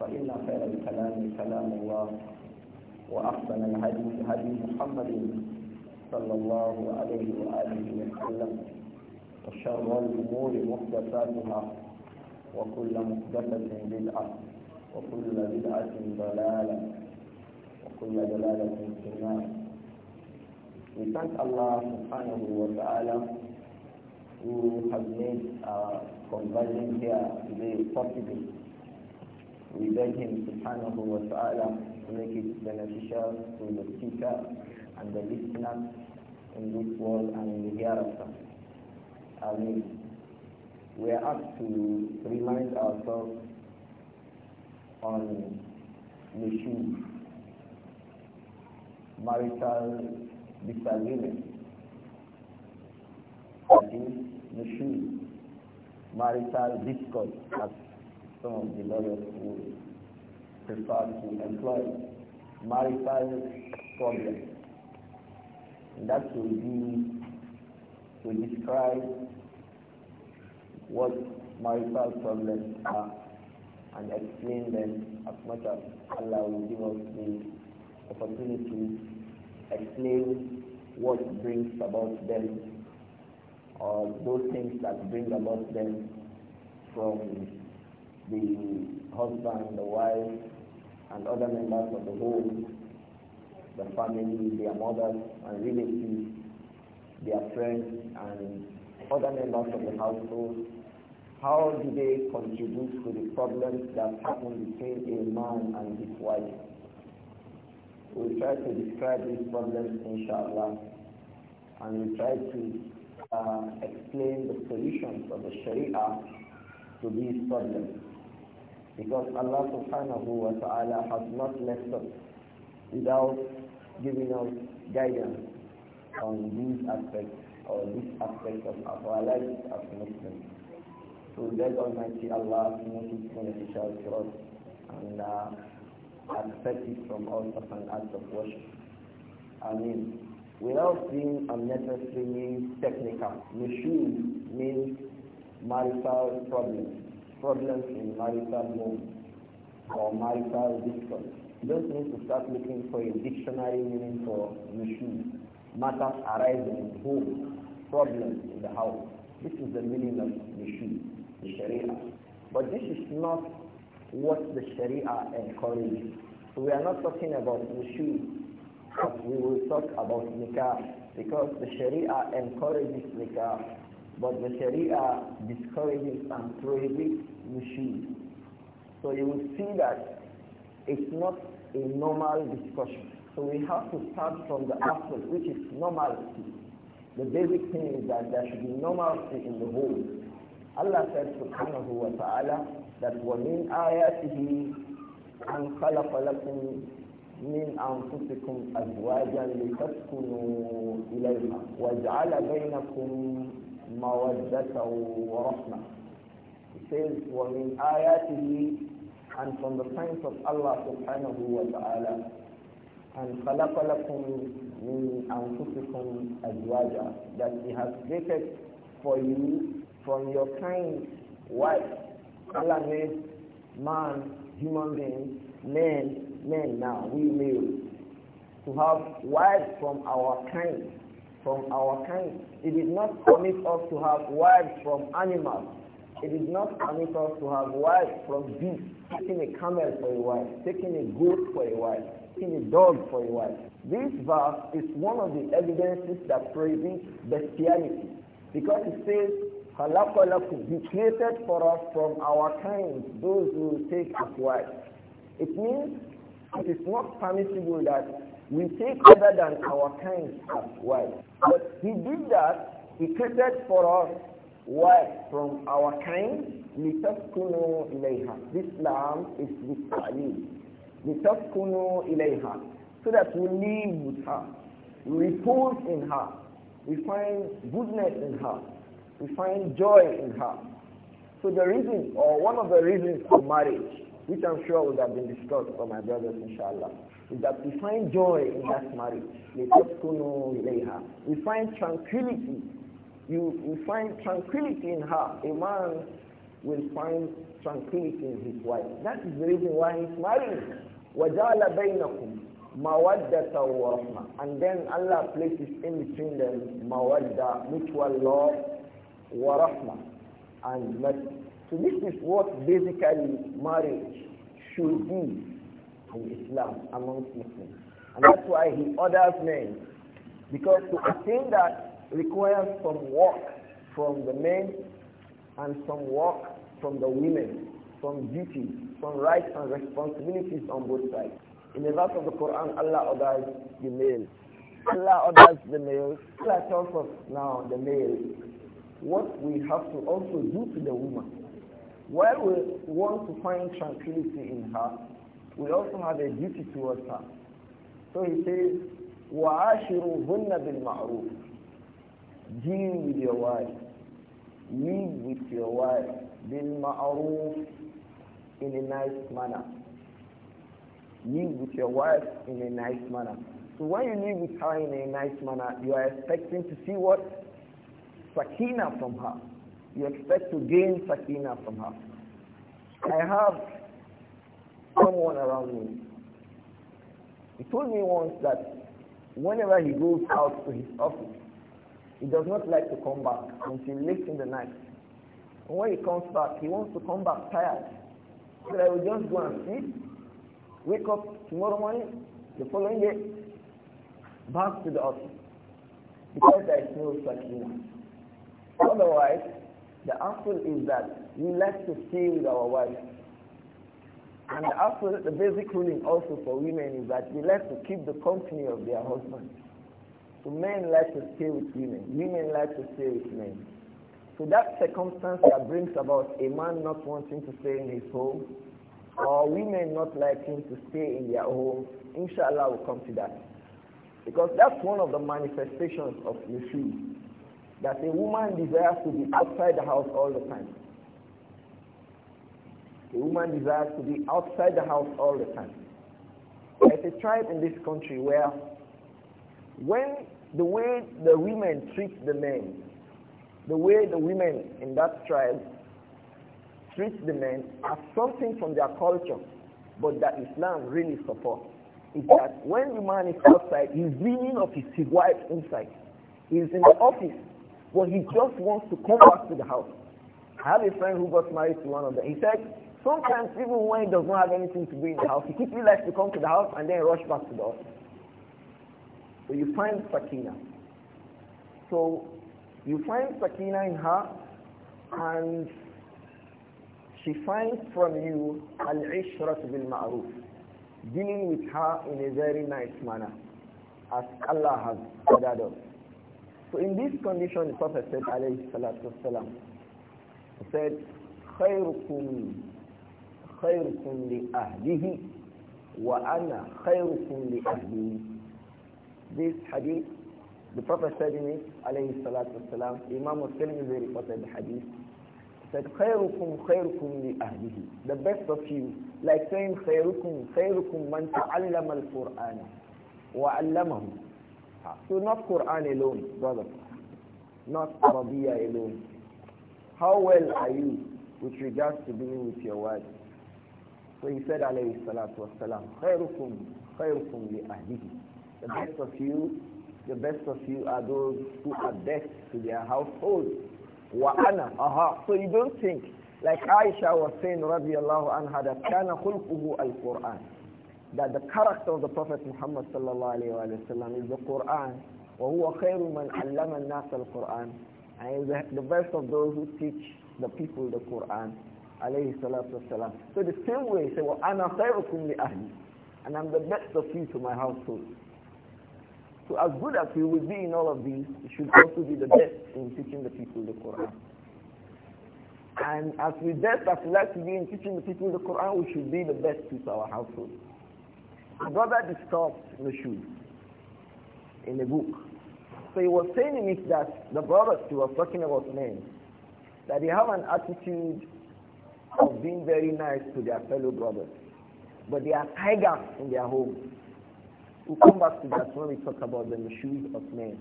فإن خير الكلام كلام الله وأحسن الهدي هدي محمد صلى الله عليه وآله وسلم وشر الأمور محدثاتها وكل محدثة بدعة وكل بدعة ضلالة وكل ضلالة في النار We thank Allah subhanahu wa ta'ala who has made our uh, conversion here today possible. We beg Him subhanahu wa ta'ala to make it beneficial to the speaker and the listeners in this world and in the hereafter. I mean, we are asked to remind ourselves on Yeshua, marital disagreement. That is, Yeshua, marital discord, some of the lawyers would prefer to employ marital problems. And that will be to describe what marital problems are and explain them as much as Allah will give us the opportunity explain what brings about them or those things that bring about them from the husband, the wife, and other members of the home, the family, their mothers and relatives, their friends and other members of the household, how do they contribute to the problems that happen between a man and his wife? We'll try to describe these problems, inshallah, and we'll try to uh, explain the solutions of the Sharia to these problems. Because Allah subhanahu wa ta'ala has not left us without giving us guidance on these aspects or these aspects of our lives as Muslims. So that Almighty Allah make it beneficial to us and uh, accept it from us as an act of worship. I mean, without being unnecessarily technical, Nushu means marital problems problems in marital homes or marital discord. You don't need to start looking for a dictionary meaning for issue. Matters arising in home, problems in the house. This is the meaning of issue, the Sharia. But this is not what the Sharia encourages. So we are not talking about issue, but we will talk about nikah because the Sharia encourages nikah but the Sharia discourages and prohibits machines. So you will see that it's not a normal discussion. So we have to start from the aspect which is normality. The basic thing is that there should be normality in the whole. Allah said subhanahu wa ta'ala that وَمِنْ آيَاتِهِ أن خلق لكم من أنفسكم أزواجا لتسكنوا إليها وجعل بينكم مَوَدَّةً وَرَحْمَةً It says, وَمِنْ آيَاتِهِ And from the signs of Allah subhanahu wa ta'ala, and خَلَقَ لَكُمْ مِنْ أَنفُسِكُمْ أَزْوَاجًا That He has created for you from your kind wife. Allah made man, human being, men, men now, we males, to have wives from our kind from our kind. it is did not permit us to have wives from animals. It is did not permit us to have wives from beasts, taking a camel for a wife, taking a goat for a wife, taking a dog for a wife. This verse is one of the evidences that prohibits bestiality because it says, Halakalakum, be created for us from our kind, those who take as wives. It means it is not permissible that we take other than our kind as wives. But he did that, he created for us wives from our kind, لِتَسْكُنُوا إِلَيْهَا This lamb is with Ali. So that we live with her. We repose in her. We find goodness in her. We find joy in her. So the reason, or one of the reasons for marriage, which I'm sure would have been discussed by my brothers, inshallah, that we find joy in that marriage. We find tranquility. You, you find tranquility in her. A man will find tranquility in his wife. That is the reason why he's married. وَجَعَلَ بَيْنَكُمْ wa وَرَحْمَةً And then Allah places in between them mawadda, mutual love, wa rahma, and mercy. So this is what basically marriage should be in Islam amongst Muslims. And that's why he orders men. Because to attain that requires some work from the men and some work from the women, some duties, some rights and responsibilities on both sides. In the verse of the Quran, Allah orders the male. Allah orders the male. Allah tells us now, the male, what we have to also do to the woman. While we want to find tranquility in her, we also have a duty towards her. So he says, وَعَاشِرُهُنَّ بِالْمَعْرُوفِ Deal with your wife. Live with your wife. بِالْمَعْرُوفِ In a nice manner. Live with your wife in a nice manner. So when you live with her in a nice manner, you are expecting to see what? Sakina from her. You expect to gain Sakina from her. I have someone around me. He told me once that whenever he goes out to his office, he does not like to come back until late in the night. And when he comes back, he wants to come back tired. So I will just go and sleep, wake up tomorrow morning, the following day, back to the office. Because there is no sakina. Otherwise, the answer is that we like to stay with our wives. And also, the basic ruling also for women is that they like to keep the company of their husbands. So men like to stay with women. Women like to stay with men. So that circumstance that brings about a man not wanting to stay in his home or women not liking to stay in their home, inshallah will come to that. Because that's one of the manifestations of Nushu. That a woman desires to be outside the house all the time. A woman desires to be outside the house all the time. There's a tribe in this country where when the way the women treat the men, the way the women in that tribe treat the men as something from their culture, but that Islam really supports. Is that when the man is outside, he's dreaming of his, his wife inside. He's in the office, but he just wants to come back to the house. I have a friend who got married to one of them. He said Sometimes even when he does not have anything to do in the house, he quickly likes to come to the house and then rush back to the office. So you find Sakina. So you find Sakina in her and she finds from you al-ishrat bil ma'ruf dealing with her in a very nice manner as Allah has ordered us. So in this condition the Prophet said alayhi salatu wasalam he said خيركم khayrukum li ahlihi wa ana khayrukum li This hadith, the Prophet said in it, alayhi salatu wasalam, Imam al-Tirmidhi reported the hadith, said khayrukum khayrukum li ahlihi. The best of you, like saying khayrukum khayrukum man ta'allama al-Qur'an wa 'allamahu. Ah, so not Quran alone, brother. Not Arabiya alone. How well are you with regards to being with your wife? So he said, alayhi salatu wasalam, خَيْرُكُمْ li لِأَهْلِهِ The best of you, the best of you are those who are best to their household. وَأَنَا Aha. So you don't think, like Aisha was saying, radiallahu anha, that كَانَ al-Qur'an. That the character of the Prophet Muhammad sallallahu alayhi wa sallam is the Qur'an. وَهُوَ خَيْرُ مَنْ عَلَّمَ al-Qur'an. And he's the best of those who teach the people the Qur'an alayhi salatu So the same way, he said, well, ana of li ahli. And I'm the best of you to my household. So as good as you will be in all of these, you should also be the best in teaching the people the Quran. And as we best as we like to be in teaching the people the Quran, we should be the best to our household. The brother discussed Nushud in a book. So he was saying in me that the brothers he was talking about men, that they have an attitude of being very nice to their fellow brothers. But they are tigers in their homes. We'll come back to that when we talk about the shoes of men.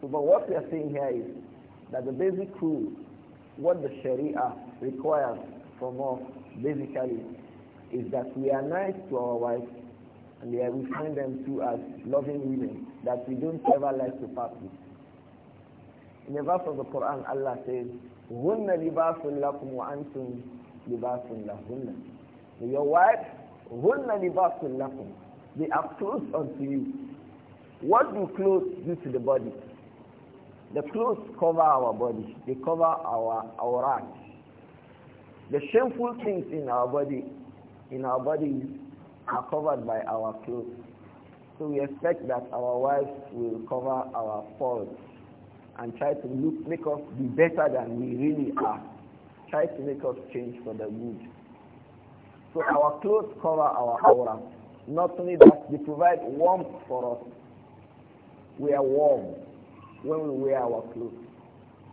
So, but what we are saying here is that the basic rule, what the Sharia requires from us, basically, is that we are nice to our wives and we find them too as loving women that we don't ever like to part with. In the verse of the Quran, Allah says, libasun lahunna. Your wives, hunna libasun lakum. They are clothes unto you. What do clothes do to the body? The clothes cover our body. They cover our acts. The shameful things in our body, in our bodies, are covered by our clothes. So we expect that our wives will cover our faults and try to look, make us be better than we really are try to make us change for the good. So our clothes cover our aura. Not only that, they provide warmth for us. We are warm when we wear our clothes.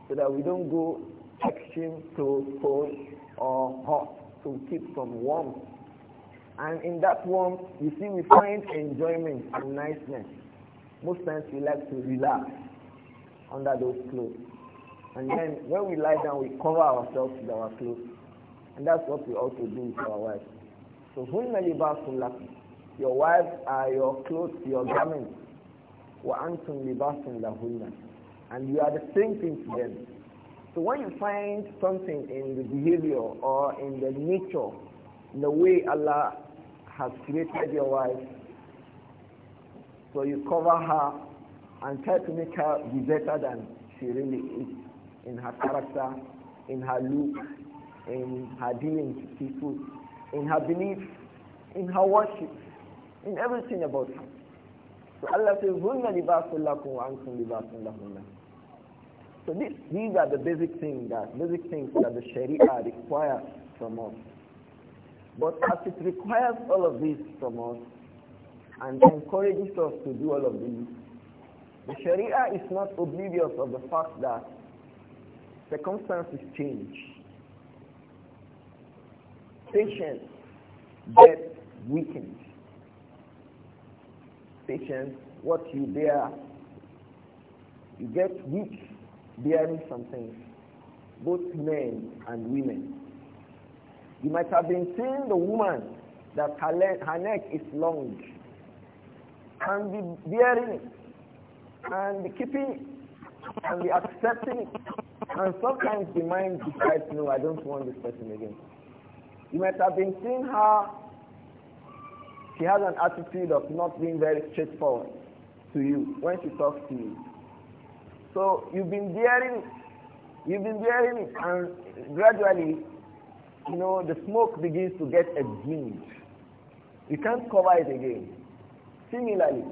So that we don't go extreme to cold or hot to keep from warmth. And in that warmth, you see, we find enjoyment and niceness. Most times we like to relax under those clothes. And then when we lie down, we cover ourselves with our clothes. And that's what we ought to do with our wives. So hunna libasun lakum. Your wives are your clothes, your garments. Wa antum libasun lahunna. And you are the same thing to them. So when you find something in the behavior or in the nature, in the way Allah has created your wife, so you cover her and try to make her be better than she really is in her character, in her look, in her dealings with people, in her belief, in her worship, in everything about her. So Allah says, So this, these are the basic things that basic things that the Sharia requires from us. But as it requires all of this from us and encourages us to do all of these, the Sharia is not oblivious of the fact that Circumstances change. Patience gets weakened. Patience, what you bear, you get weak bearing some things, both men and women. You might have been seeing the woman that her, her neck is long and be bearing it and be keeping it and be accepting it and sometimes the mind decides, no, I don't want this person again. You might have been seeing her, she has an attitude of not being very straightforward to you when she talks to you. So you've been bearing you've been bearing it, and gradually, you know, the smoke begins to get exhumed. You can't cover it again. Similarly,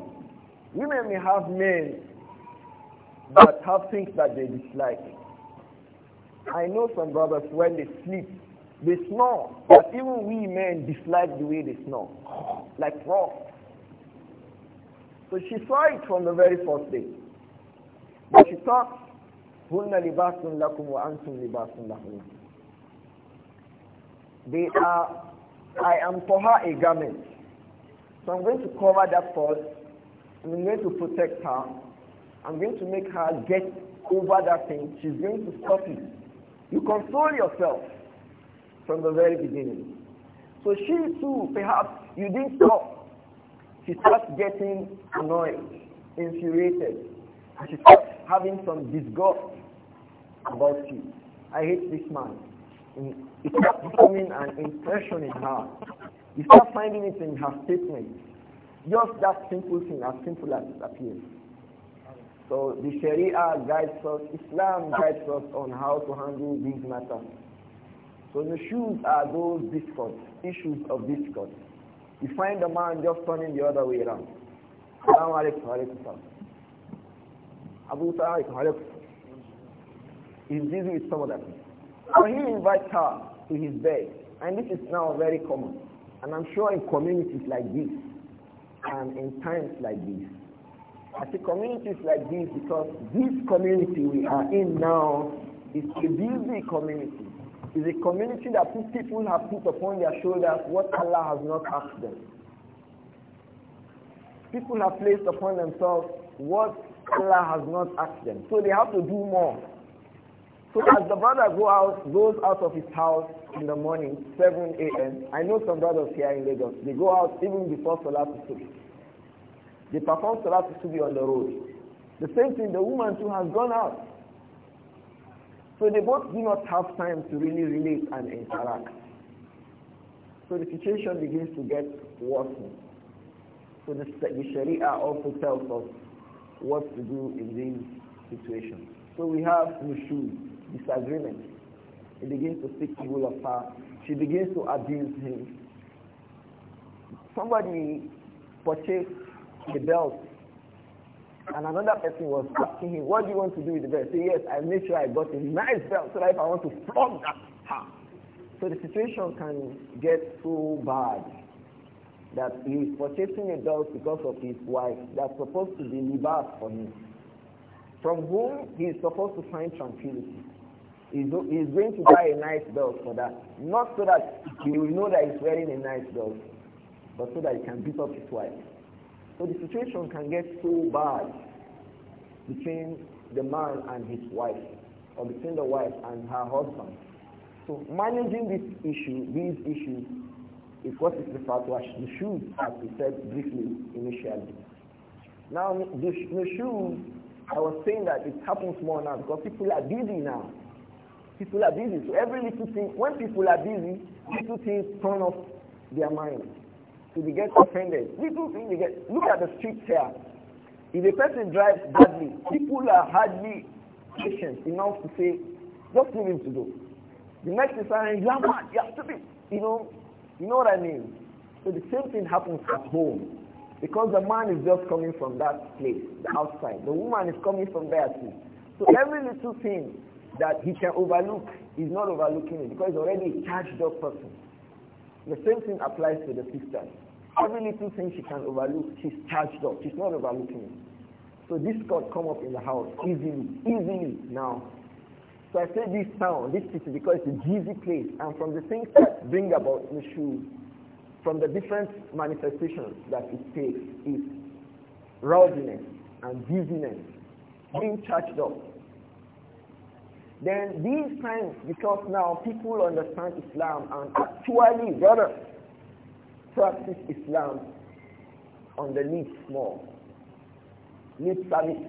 women may have men that have things that they dislike. I know some brothers when they sleep, they snore. But even we men dislike the way they snore, like frogs. So she saw it from the very first day. But she thought, هُنَّ لِبَاسٌ لَكُمْ وَأَنْتُمْ libasun لَهُنَّ They are, I am for her a garment. So I'm going to cover that fault. I'm going to protect her. I'm going to make her get over that thing. She's going to stop it. You console yourself from the very beginning. So she too, perhaps you didn't stop. She starts getting annoyed, infuriated, and she starts having some disgust about you. I hate this man. And it starts becoming an impression in her. You start finding it in her statements. Just that simple thing, as simple as it appears. So the Sharia guides us, Islam guides us on how to handle these matters. So the shoes are those discords, issues of discord. You find a man just turning the other way around. Assalamu alaikum alaikum Abu Sa'id alaikum. He's busy with some of that. So he invites her to his bed. And this is now very common. And I'm sure in communities like this and in times like this, as a community is like this because this community we are in now is a busy community. It's a community that people have put upon their shoulders what Allah has not asked them. People have placed upon themselves what Allah has not asked them. So they have to do more. So as the brother go out, goes out of his house in the morning, 7 a.m., I know some brothers here in Lagos, they go out even before Salah to sleep. They perform salat to be on the road. The same thing, the woman too has gone out. So they both do not have time to really relate and interact. So the situation begins to get worse. So the, the Sharia also tells us what to do in these situations. So we have Mushu disagreement. He begins to speak evil of her. She begins to abuse him. Somebody purchased the belt. And another person was asking him, what do you want to do with the belt? Say, yes, I made sure I got a nice belt so that if I want to flog that So the situation can get so bad that he is purchasing a belt because of his wife that's supposed to be libas for him, from whom he is supposed to find tranquility. He is going to buy a nice belt for that. Not so that he will know that he's wearing a nice belt, but so that he can beat up his wife. So the situation can get so bad between the man and his wife, or between the wife and her husband. So managing this issue, these issues, is what is referred to as shoes, as we said briefly initially. Now, the shoes, I was saying that it happens more now because people are busy now. People are busy. So every little thing, when people are busy, little things turn off their mind. So they get offended. Little thing they get. Look at the streets here. If a person drives badly, people are hardly patient enough to say, just leave him to do. The next is saying, ah, you are mad, you are stupid. You know, you know what I mean? So the same thing happens at home. Because the man is just coming from that place, the outside. The woman is coming from there too. So every little thing that he can overlook, he's not overlooking it because he's already a charged up person. The same thing applies to the sisters. Every little thing she can overlook, she's charged up. She's not overlooking it. So this God come up in the house easily, easily now. So I say this town, this city, because it's a busy place. And from the things that bring about Nushu, from the different manifestations that it takes, is rowdiness and busyness, being charged up. Then these times, because now people understand Islam and actually, brother practice Islam on the need small, Need service.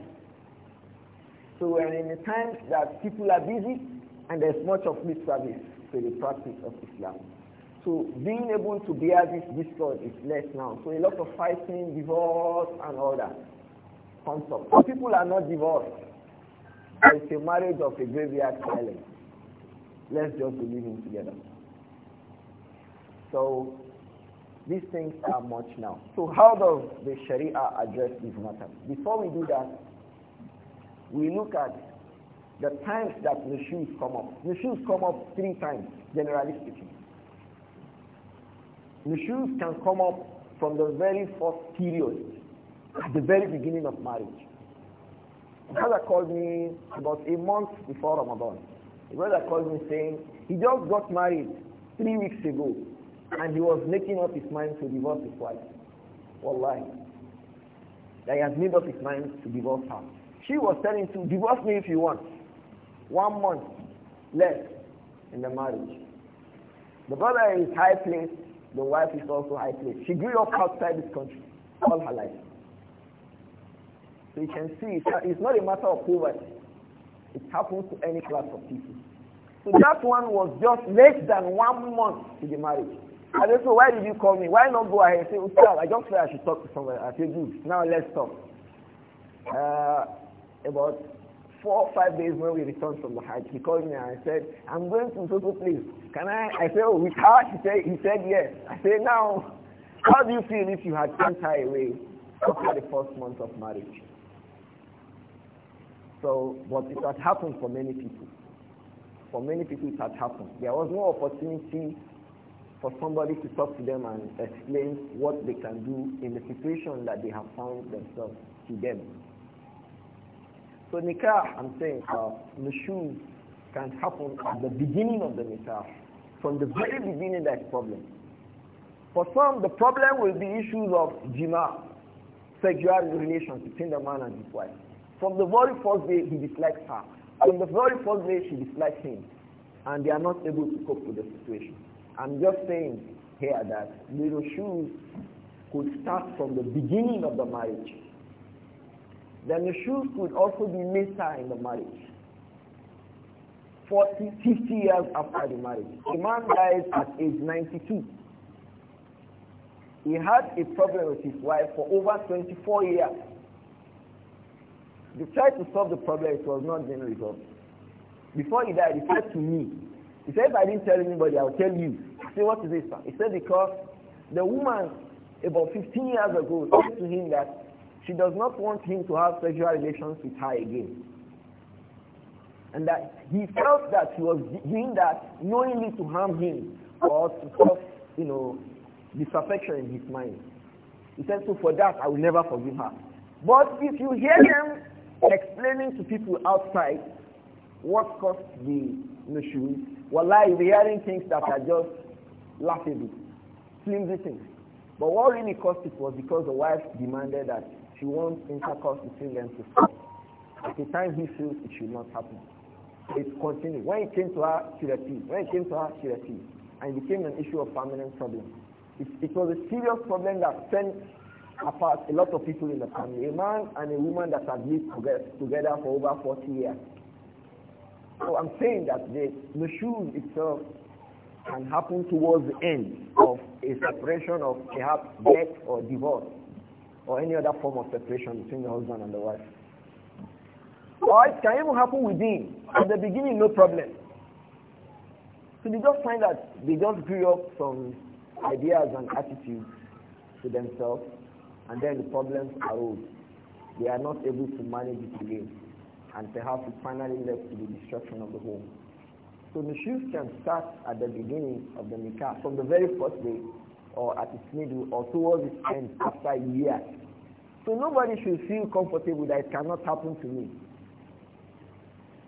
So we are in the times that people are busy and there's much of need service to the practice of Islam. So being able to bear this discord is less now. So a lot of fighting, divorce and all that comes up. So people are not divorced. It's a marriage of a graveyard silence. Let's just be living together. So these things are much now. So how does the Sharia address this matter? Before we do that, we look at the times that the shoes come up. The shoes come up three times, generally speaking. The shoes can come up from the very first period, at the very beginning of marriage. Brother called me about a month before Ramadan. The brother called me saying, he just got married three weeks ago. And he was making up his mind to divorce his wife. Wallahi. That he has made up his mind to divorce her. She was telling him to divorce me if you want. One month left in the marriage. The brother is high placed, the wife is also high placed. She grew up outside this country all her life. So you can see it's not a matter of poverty. It happens to any class of people. So that one was just less than one month to the marriage. And they say, why did you call me? Why not go ahead? and say, Ustaz, I just feel I should talk to someone. I say, good. Now let's talk. Uh, about four or five days when we returned from the Hajj, he called me and I said, I'm going to Soto please. Can I? I said, oh, with her? He said, he said yes. I said, now, how do you feel if you had sent her away after the first month of marriage? So, but it had happened for many people. For many people, it had happened. There was no opportunity for somebody to talk to them and explain what they can do in the situation that they have found themselves to them. So nikah, I'm saying, uh, can happen at the beginning of the nikah. From the very beginning, that problem. For some, the problem will be issues of jima, sexual relations between the man and his wife. From the very first day, he dislikes her. From the very first day, she dislikes him. And they are not able to cope with the situation. I'm just saying here that little shoes could start from the beginning of the marriage. Then the shoes could also be later in the marriage. 40, 50 years after the marriage. A man dies at age 92. He had a problem with his wife for over 24 years. They tried to solve the problem, it was not being resolved. Before he died, he said to me, he said, if I didn't tell anybody, I'll tell you. He said, what is this? He said, because the woman about 15 years ago said to him that she does not want him to have sexual relations with her again. And that he felt that she was doing that knowingly to harm him or to cause, you know, disaffection in his mind. He said, so for that, I will never forgive her. But if you hear him explaining to people outside what caused the issues, well, I will be hearing things that are just laughable, flimsy things. But what really caused it was because the wife demanded that she wants intercourse between them to stop. At the time he feels it should not happen. It continued. When it came to her, she refused. When it came to her, she refused. And it became an issue of permanent problem. It, it was a serious problem that sent apart a lot of people in the family. A man and a woman that had lived together for over 40 years. So I'm saying that the nushuz itself can happen towards the end of a separation of perhaps death or divorce or any other form of separation between the husband and the wife. Or it can even happen within. At the beginning, no problem. So they just find that they just grew up some ideas and attitudes to themselves and then the problems arose. They are not able to manage it again and perhaps it finally led to the destruction of the home. So nushuz can start at the beginning of the nikah, from the very first day, or at its middle, or towards its end after a year. So nobody should feel comfortable that it cannot happen to me.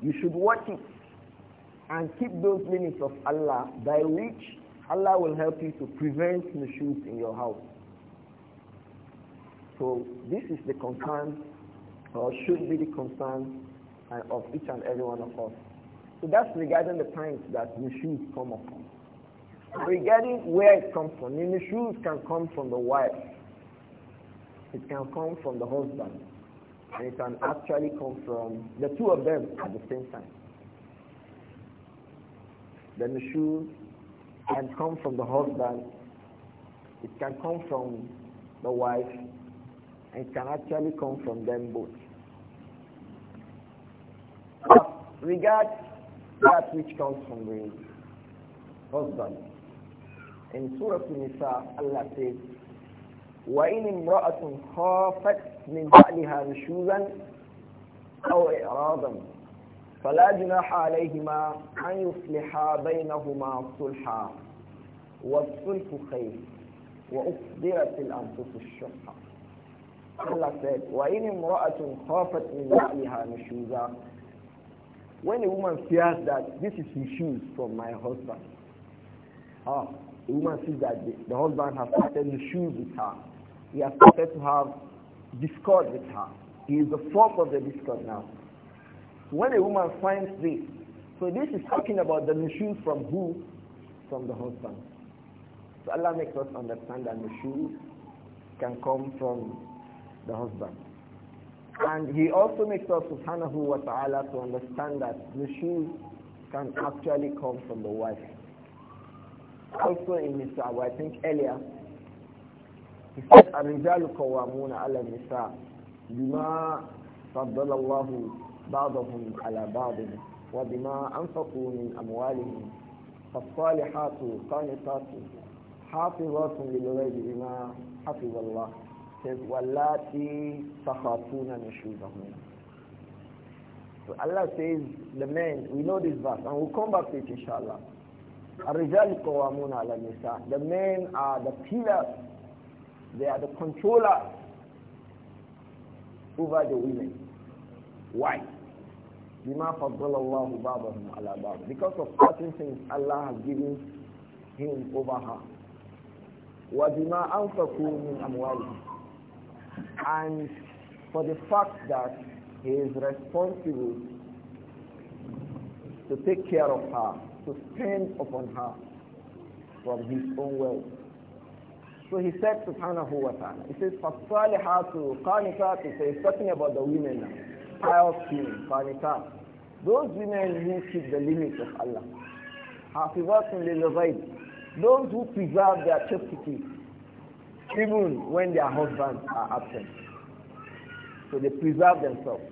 You should watch it and keep those limits of Allah by which Allah will help you to prevent nushuz in your house. So this is the concern, or should be the concern and of each and every one of us. So that's regarding the times that the shoes come upon. Regarding where it comes from, the shoes can come from the wife. It can come from the husband. And it can actually come from the two of them at the same time. The shoes can come from the husband. It can come from the wife. And it can actually come from them both. regard that which comes from the husband. In Surah Nisa, Allah says, وإن امرأة خافت من بَعْلِهَا نشوزا أو إعراضا فلا جناح عليهما أن يصلحا بينهما صلحا والصلح خير وَأُفْضِرَتِ الأنفس الشحة Allah said, وإن امرأة خافت من بَعْلِهَا نشوزا When a woman fears that this is his shoes from my husband, ah, the woman sees that the, the husband has started the shoes with her. He has started to have discord with her. He is the fourth of the discord now. So when a woman finds this, so this is talking about the shoes from who? From the husband. So Allah makes us understand that the shoes can come from the husband. And he also makes us subhanahu wa ta'ala to understand that the shoes can actually come from the wife. Also in Nisa, I think earlier, he said, الرجال قوامون على النساء بما فضل الله بعضهم على بعض وبما أنفقوا من أموالهم فالصالحات قانتات حافظات للغيب بما حفظ الله says wallati takhafuna nushuzahunna so Allah says the men we know this verse and we'll come back to it inshallah الرجال قوامون ala nisa. the men are the pillars they are the controllers over the women why بما فضل الله ala على بعض because of certain things Allah has given him over her Wa وبما أنفقوا min أموالهم and for the fact that he is responsible to take care of her, to spend upon her from his own wealth. So he said subhanahu wa ta'ala, he says, فَالصَّالِحَاتُ قَانِتَاتُ So he's talking about the women now. Pious women, Those women who keep the limits of Allah. حَافِظَاتٌ لِلْغَيْبِ Those who preserve their chastity even when their husbands are absent. So they preserve themselves.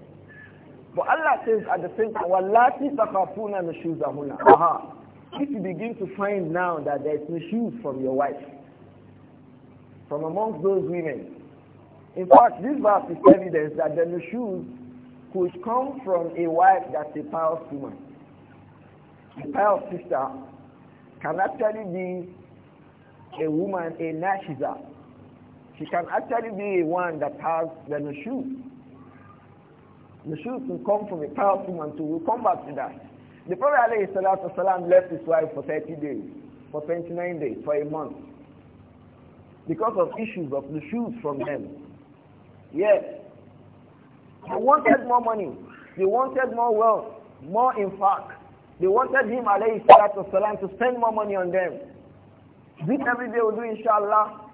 But Allah says at the same time, وَاللَّاتِ تَخَافُونَ نُشُوزَهُنَا Aha. If you begin to find now that there is no shoes from your wife, from amongst those women, in fact, this verse is evidence that the shoes could come from a wife that's a pious woman. A pious sister can actually be a woman, a nashiza, she can actually be one that has the The shoes will come from a powerful man too. We'll come back to that. The Prophet ﷺ left his wife for 30 days, for 29 days, for a month. Because of issues of the shoes from them. Yes. They wanted more money. They wanted more wealth. More in fact. They wanted him, alayhi salatu to spend more money on them. This every day we we'll do, inshallah.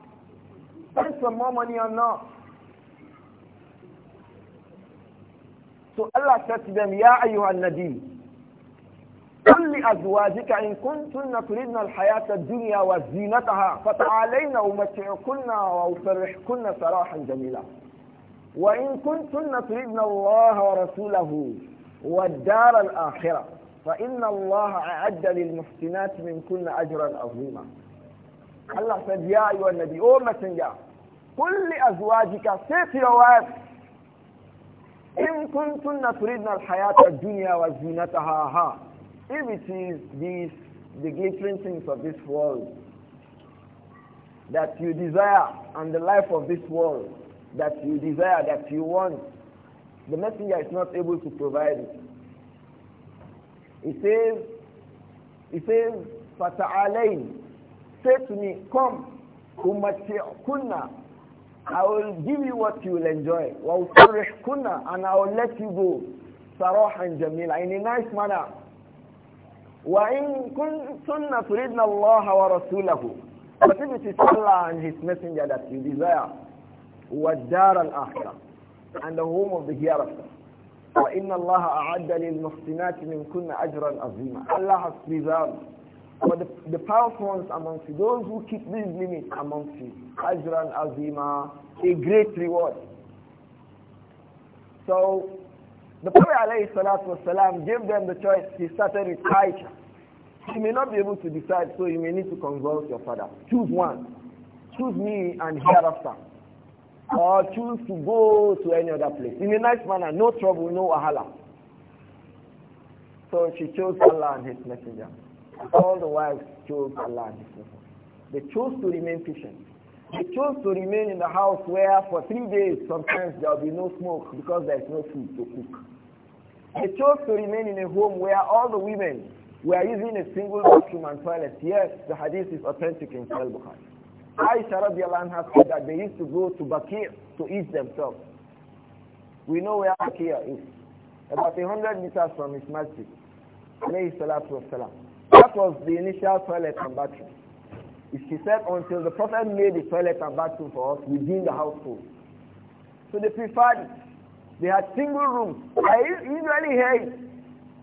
spend some more money or not. So Allah said to them, Ya ayyuhan nabi, قل لأزواجك إن كنتن تريدن الحياة الدنيا وزينتها فتعالين أمتعكن وأفرحكن سراحا جميلا وإن كنتن تريدن الله ورسوله والدار الآخرة فإن الله أعد للمحسنات منكن أجرا عظيما Allah said, Ya you Nabi, O Messenger, Kulli azwajika, say to your wife, In kuntunna turidna al-hayata dunya wa zinataha ha. If it is these, the glittering things of this world that you desire and the life of this world that you desire, that you want, the messenger is not able to provide it. He says, he says, فَتَعَالَيْنِ say to me, come, kunna. I will give you what you will enjoy. Wa kunna, And I will let you go. Sarahan jamila. In a nice manner. kunna كُنْتُنَّ Allah wa Rasulahu. But if it is Allah and His Messenger that you desire, Wa dar al الْآخِرَةِ And the home of the hereafter. Allah اللَّهَ أَعَدَّ لِلْمُحْسِنَاتِ مِنْكُنَّ ajran عَظِيمًا Allah has preserved but the, the powerful ones amongst you, those who keep these limits amongst you, Ajran Azima, a great reward. So the Prophet والسلام, gave them the choice. He started with Aisha. You may not be able to decide, so you may need to consult your father. Choose one. Choose me and hereafter. Or choose to go to any other place. In a nice manner, no trouble, no ahala. So she chose Allah and His Messenger. All the wives chose Allah. They chose to remain patient. They chose to remain in the house where for three days sometimes there will be no smoke because there is no food to cook. They chose to remain in a home where all the women were using a single bathroom and toilet. Yes, the hadith is authentic in Sahih Bukhari. Aisha radiallahu anha said that they used to go to Bakir to eat themselves. We know where Bakir is. About a hundred meters from his masjid. Alayhi salatu wasalam. That was the initial toilet and bathroom. She said, until the Prophet made the toilet and bathroom for us within the household. So they preferred it. They had single rooms. I usually hear it.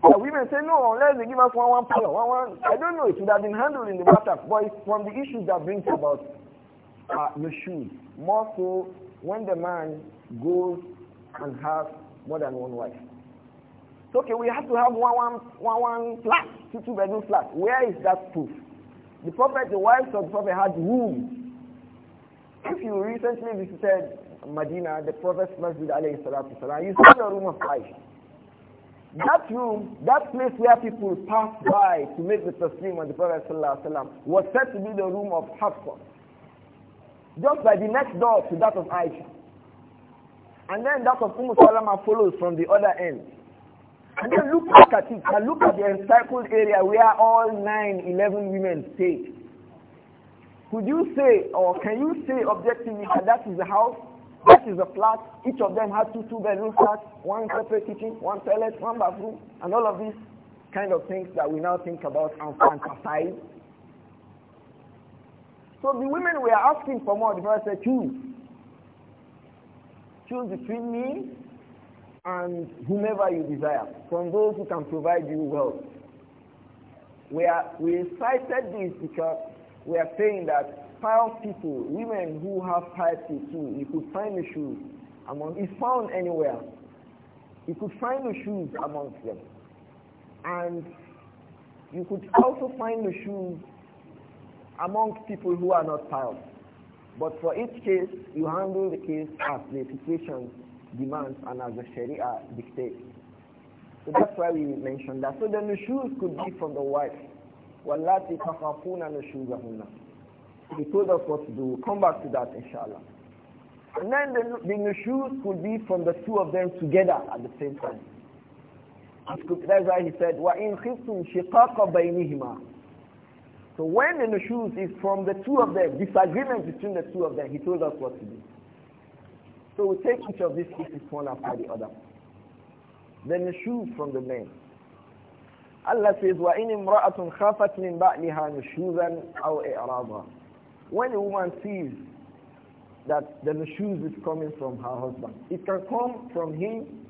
The women say, no, unless they give us one, one pillow, one, one. I don't know. It would have been handled in the matter. But it's from the issues that brings about uh, the shoes. More so when the man goes and has more than one wife. So, okay, we have to have one, one, one, one flat, two, two bedroom flat. Where is that proof? The prophet, the wife of the prophet had rooms. If you recently visited Medina, the prophet's masjid, alayhi salatu salam, you saw the room of Aisha. That room, that place where people passed by to make the taslim of the Prophet ﷺ was said to be the room of Hafsah. Just by the next door to that of Aisha. And then that of Umm Salama follows from the other end. And then look back at it and look at the encircled area where all nine, eleven women stayed. Could you say, or can you say objectively that that is a house, that is a flat, each of them had two two-bedroom flats, one separate kitchen, one toilet, one bathroom, and all of these kind of things that we now think about and fantasize? So the women were asking for more. The Prophet said, choose. Choose between me and whomever you desire from those who can provide you wealth. We, are, we cited this because we are saying that pious people, women who have piety too, you could find the shoes among, it's found anywhere. You could find the shoes amongst them. And you could also find the shoes amongst people who are not pious. But for each case, you handle the case as the situation demands and as the Sharia dictates. So that's why we mentioned that. So the nushuz could be from the wife. وَاللَّاتِ تَخَافُونَ نُشُوزَهُنَّ He told us what to do. We'll come back to that inshallah. And then the, the nushuz could be from the two of them together at the same time. that's why he said, وَإِنْ خِفْتُمْ شِقَاقَ بَيْنِهِمَا So when the nushuz is from the two of them, disagreement between the two of them, he told us what to do. So we take each of these pieces one after the other. Then the shoe from the name. Allah says, وَإِنِ امْرَأَةٌ خَافَتْ مِنْ بَعْلِهَا نُشُوزًا أَوْ إِعْرَاضًا When a woman sees that the nushuz is coming from her husband, it can come from him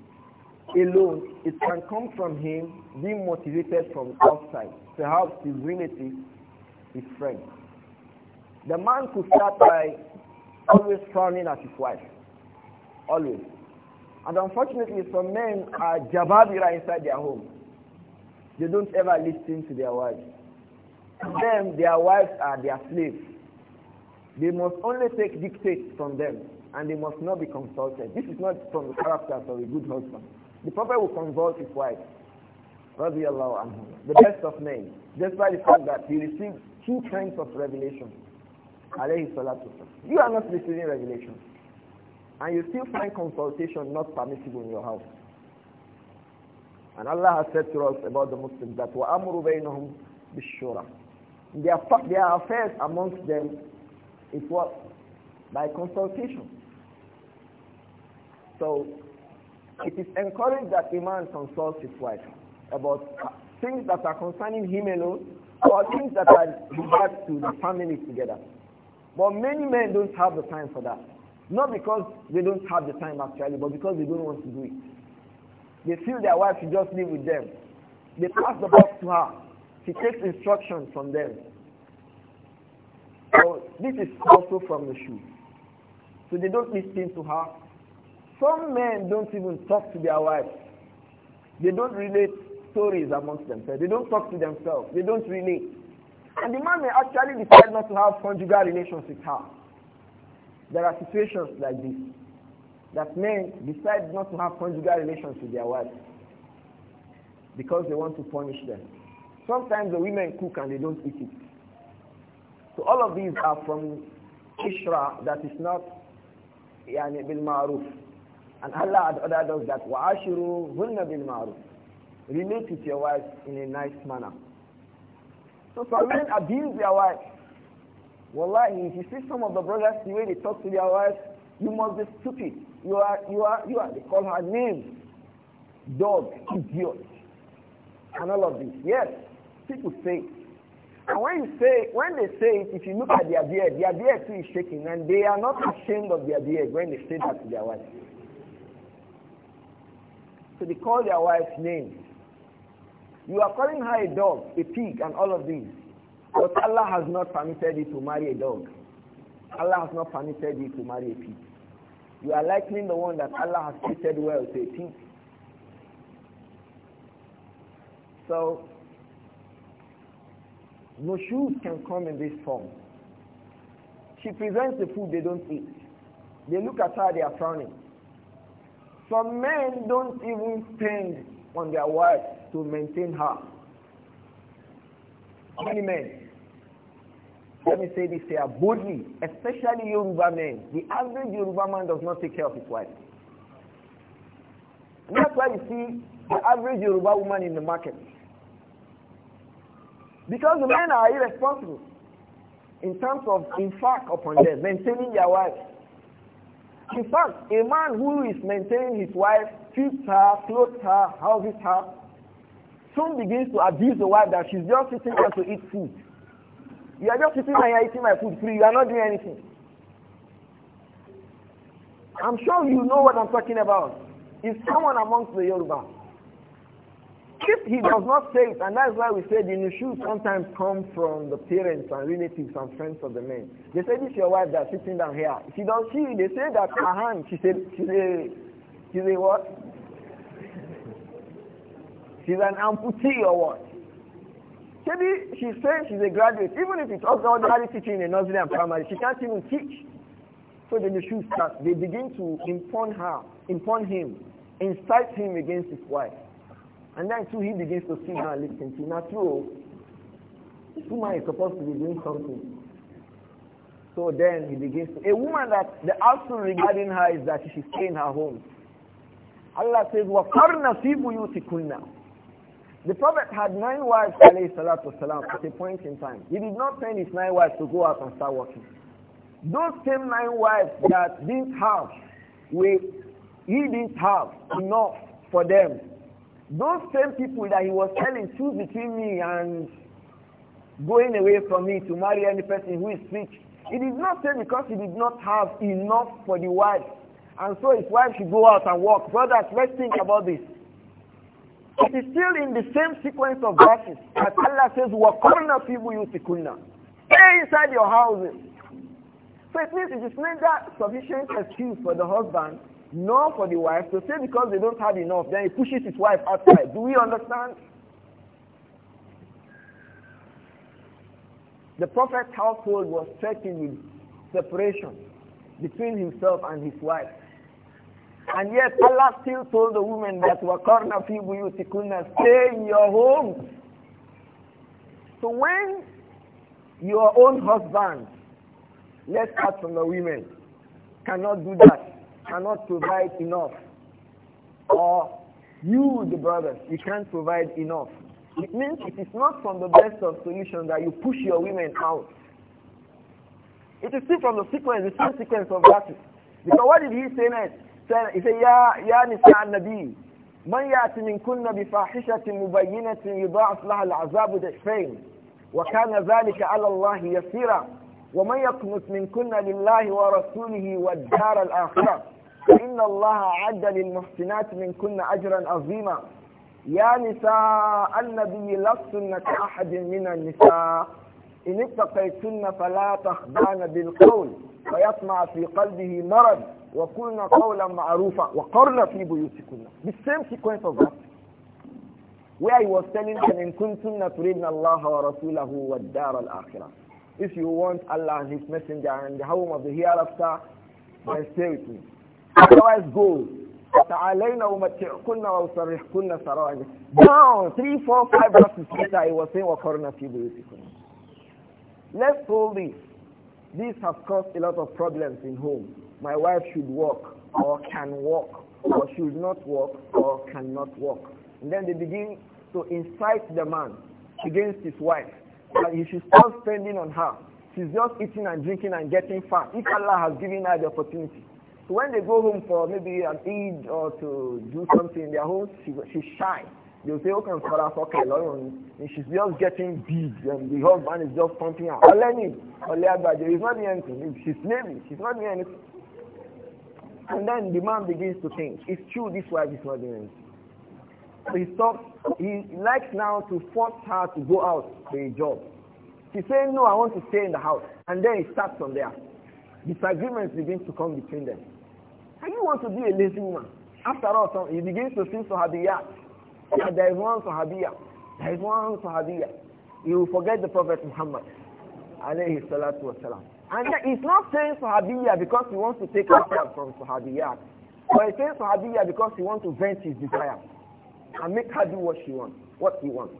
alone. It can come from him being motivated from outside, perhaps his relatives, his friends. The man could start by always frowning at his wife. Always. And unfortunately, some men are jababira inside their home. They don't ever listen to their wives. Then them, their wives are their slaves. They must only take dictates from them, and they must not be consulted. This is not from the character of a good husband. The prophet will consult his wife. The best of men, despite the fact that he received two kinds of revelation. You are not receiving revelation. And you still find consultation not permissible in your house. And Allah has said to us about the Muslims that وَأَمْرُ بَيْنَهُمْ بِالشُّورَى their, their affairs amongst them is what? By consultation. So, it is encouraged that a man consults his wife about things that are concerning him alone or things that are related to the family together. But many men don't have the time for that. Not because they don't have the time actually, but because they don't want to do it. They feel their wife should just live with them. They pass the box to her. She takes instruction from them. So this is also from the shoe. So they don't listen to her. Some men don't even talk to their wives. They don't relate stories amongst themselves. They don't talk to themselves. They don't relate. And the man may actually decide not to have conjugal relations with her. There are situations like this that men decide not to have conjugal relations with their wives because they want to punish them. Sometimes the women cook and they don't eat it. So all of these are from Ishra that is not yani bil ma'ruf. And Allah had ordered us that wa'ashiru hunna bil ma'ruf. Relate with your wife in a nice manner. So some men abuse their wives. Wallahi, if you see some of the brothers, the way they talk to their wives, you must be stupid. You are, you are, you are. They call her names. Dog, idiot. And all of this. Yes, people say it. And when you say, when they say it, if you look at their beard, their beard too is shaking, and they are not ashamed of their beard when they say that to their wives. So they call their wife's names. You are calling her a dog, a pig, and all of these. But Allah has not permitted you to marry a dog. Allah has not permitted you to marry a pig. You are likening the one that Allah has treated well to a pig. So, no shoes can come in this form. She presents the food they don't eat. They look at her, they are frowning. Some men don't even spend on their wives to maintain her. How many men? Let me say this here boldly, especially Yoruba men. The average Yoruba man does not take care of his wife. And that's why you see the average Yoruba woman in the market. Because the men are irresponsible in terms of, in fact, upon them, maintaining their wife. In fact, a man who is maintaining his wife, feeds her, clothes her, houses her, soon begins to abuse the wife that she's just sitting there to eat food. You are just sitting and eating my food free. You are not doing anything. I'm sure you know what I'm talking about. If someone amongst the Yoruba. If he does not say it, and that's why we say the Nushu sometimes come from the parents and relatives and friends of the men. They say, this is your wife that's sitting down here. She does, she, they say that her hand, she said, she's a, she's a what? She's an amputee or what? Maybe she's saying she's a graduate. Even if it's also ordinary teaching in a nursery and primary, she can't even teach. So then the shoe starts. They begin to impugn her, impugn him, incite him against his wife. And then too, he begins to see her listen to. Now true, this woman is supposed to be doing something. So then he begins to, a woman that the outcome regarding her is that she staying in her home. Allah says, وَقَرْنَ فِي بُيُوتِكُنَّ the Prophet had nine wives والسلام, at a point in time. He did not send his nine wives to go out and start working. Those same nine wives that didn't have, we, he didn't have enough for them. Those same people that he was telling, choose between me and going away from me to marry any person who is rich. He did not say because he did not have enough for the wife. And so his wife should go out and work. Brothers, let's think about this. It is still in the same sequence of verses that Allah says, وَقَرْنَا فِي بُيُوتِكُنَّا Stay inside your houses. So it means it is neither sufficient excuse for the husband nor for the wife to say because they don't have enough, then he pushes his wife outside. Do we understand? The prophet's household was threatened with separation between himself and his wife. And yet Allah still told the women that وَقَرْنَ فِي بُيُوتِكُنَّ Stay in your home. So when your own husband, let's start from the women, cannot do that, cannot provide enough, or you, the brothers, you can't provide enough, it means it is not from the best of solutions that you push your women out. It is still from the sequence, the same sequence of that. Because what did he say next? يا يا نساء النبي من يأتي من يأتي منكن بفاحشة مبينة يضاعف لها العذاب ضعفين وكان ذلك على الله يسيرا ومن من منكن لله ورسوله والدار الآخرة فإن الله عد للمحسنات منكن أجرا عظيما يا نساء النبي لستن كأحد من النساء إن اتقيتن فلا تخضعن بالقول فيطمع في قلبه مرض وَقُلْنَا قَوْلًا مَعْرُوفًا وَقَرْنَا فِي The same sequence of that. Where he was telling them, إِن كُنْتُنَّ تُرِدْنَ اللَّهَ وَرَسُولَهُ وَالدَّارَ الْآخِرَةَ If you want Allah and His Messenger and the home of the hereafter, then stay with me. Otherwise, go. تعالينا ومتعكن وسرحكن سراحا down three four five verses later he was saying وقرنا في بيوتكن let's hold this this has caused a lot of problems in homes my wife should work or can work or should not work or cannot work. And then they begin to incite the man against his wife that he should stop spending on her. She's just eating and drinking and getting fat. If Allah has given her the opportunity. So when they go home for maybe an Eid or to do something in their home, she, she's shy. They'll say, okay, oh, for us, okay, Lauren. And she's just getting big and the husband is just pumping her. Or Lenny, or Leah, there is not doing anything. She's lazy. She's not doing anything. And then the man begins to think, it's true this wife is not doing it. So he stops, he likes now to force her to go out for a job. She says, no, I want to stay in the house. And then it starts from there. Disagreements begin to come between them. And you want to be a lazy woman. After all, so he begins to feel sahabiyah. Yeah, there is one sahabiyah. There is one sahabiyah. You forget the Prophet Muhammad. Alayhi salatu wasalam. And he's not saying Sahabiya because he wants to take after from Sahabiya. But he's saying Sahabiya because he wants to vent his desire and make her do what she wants, what he wants.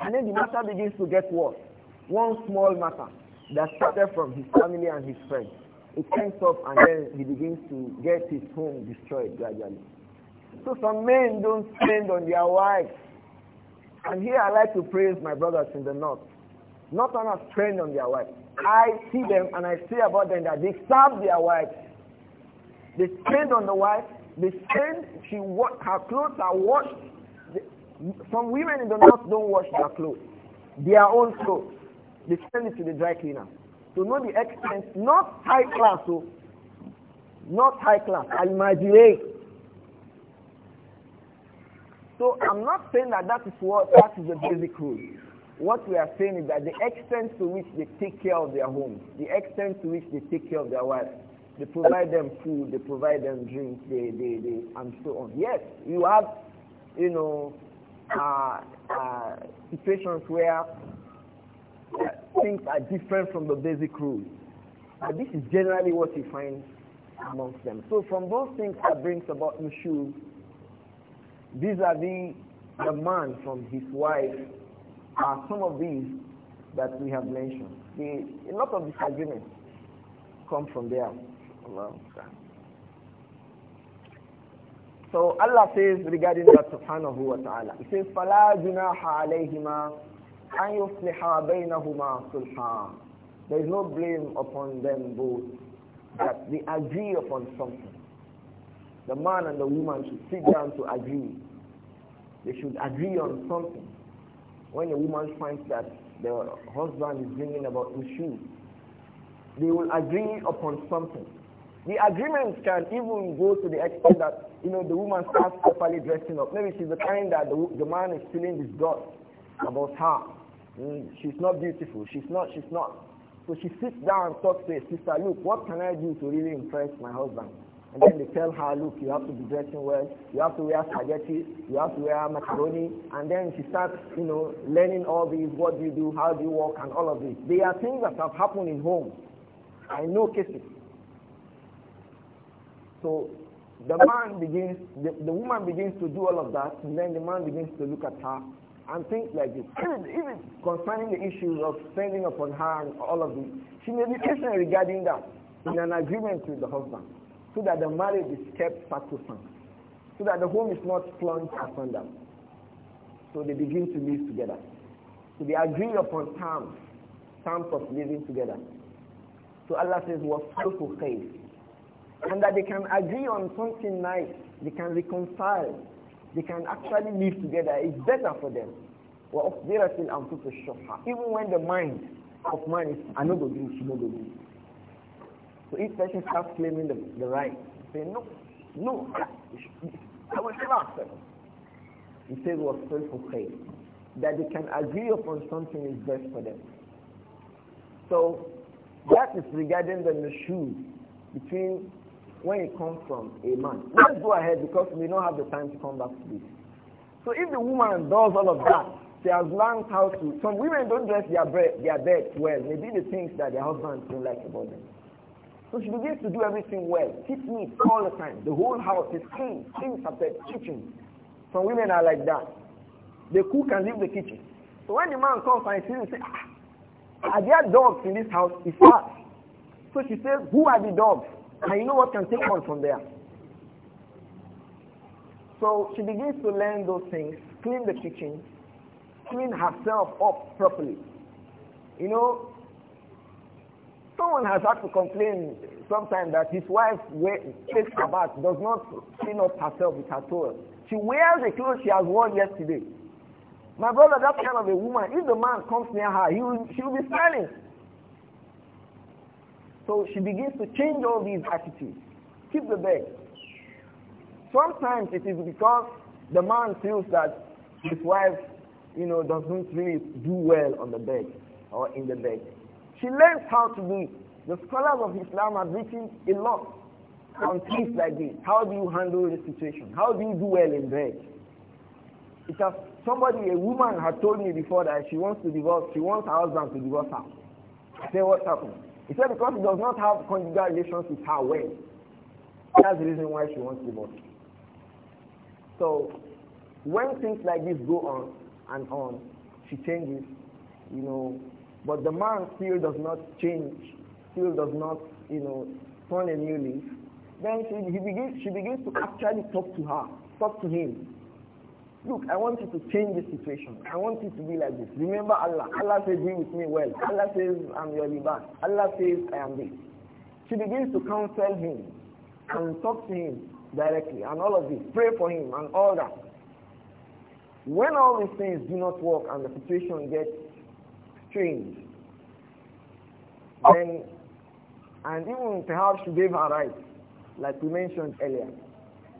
And then the matter begins to get worse. One small matter that started from his family and his friends. It ends up and then he begins to get his home destroyed gradually. So some men don't spend on their wives. And here I like to praise my brothers in the north. Not on a spend on their wives. I see them and I say about them that they serve their wives. They spend on the wife. They spend. She what her clothes are washed. Some women in the north don't wash their clothes, their own clothes. They send it to the dry cleaner. To so know the extent, not high class, so oh. not high class, imagine. So I'm not saying that that is what that is the basic rule. What we are saying is that the extent to which they take care of their homes, the extent to which they take care of their wives, they provide them food, they provide them drink, they, they, they, and so on. Yes, you have, you know, uh, uh, situations where uh, things are different from the basic rules. But this is generally what you find amongst them. So from those things that brings about Mushu. vis-a-vis the man from his wife are some of these that we have mentioned. The, a lot of disagreements come from there. So Allah says regarding that subhanahu wa ta'ala, He says, فَلَا جُنَاحَ عَلَيْهِمَا أَنْ يُصْلِحَا بَيْنَهُمَا صُلْحًا There is no blame upon them both that they agree upon something. The man and the woman should sit down to agree. They should agree on something when a woman finds that the husband is bringing about issues, they will agree upon something. The agreement can even go to the extent that, you know, the woman starts properly dressing up. Maybe she's the kind that the, the man is feeling disgust about her. Mm, she's not beautiful. She's not, she's not. So she sits down and talks to her sister, look, what can I do to really impress my husband? And then they tell her, look, you have to be dressing well, you have to wear spaghetti, you have to wear macaroni. And then she starts, you know, learning all these, what do you do, how do you walk, and all of this. They are things that have happened in home. I know cases. So the man begins, the, the woman begins to do all of that, and then the man begins to look at her and think like this. Even, even concerning the issues of spending upon her and all of this, she may be questioning regarding that in an agreement with the husband so that the marriage is kept sacrosanct, so that the home is not plunged asunder. So they begin to live together. So they agree upon terms, terms of living together. So Allah says, وَصَلْفُ خَيْرٍ And that they can agree on something nice, they can reconcile, they can actually live together. It's better for them. وَأَخْذِرَةِ الْأَنْفُسُ الشُّحَّةِ Even when the mind of man is, I no she so if person starts claiming the, the right, say no, no, I will never accept. He says was for faith. That they can agree upon something is best for them. So that is regarding the issue between when it comes from a man. Let's go ahead because we don't have the time to come back to this. So if the woman does all of that, she has learned how to. Some women don't dress their bed, their bed well. Maybe the things that their husbands don't like about them. So she begins to do everything well. Keep me all the time. The whole house is clean. Things at the kitchen. Some women are like that. They cook and leave the kitchen. So when the man comes and sees he say, ah, are there dogs in this house? It's us. So she says, who are the dogs? And you know what can take one from there? So she begins to learn those things, clean the kitchen, clean herself up properly. You know, Someone has had to complain sometimes that his wife takes a bath, does not clean up herself with her towel. She wears the clothes she has worn yesterday. My brother, that kind of a woman, if the man comes near her, he will, she will be smiling. So she begins to change all these attitudes. Keep the bed. Sometimes it is because the man feels that his wife, you know, doesn't really do well on the bed or in the bed. She learns how to do it. The scholars of Islam have written a lot on things like this. How do you handle the situation? How do you do well in bed? It has somebody, a woman had told me before that she wants to divorce, she wants her husband to divorce her. I said, what happened? He said because he does not have conjugal relations with her well. That's the reason why she wants divorce. So when things like this go on and on, she changes, you know, but the man still does not change, still does not, you know, turn a new leaf. Then she, he begins, she begins to actually talk to her, talk to him. Look, I want you to change the situation. I want you to be like this. Remember Allah. Allah says, be with me well. Allah says, I'm your liban. Allah says, I am this. She begins to counsel him and talk to him directly and all of this. Pray for him and all that. When all these things do not work and the situation gets Change. Oh. Then, and even perhaps she gave her rights, like we mentioned earlier.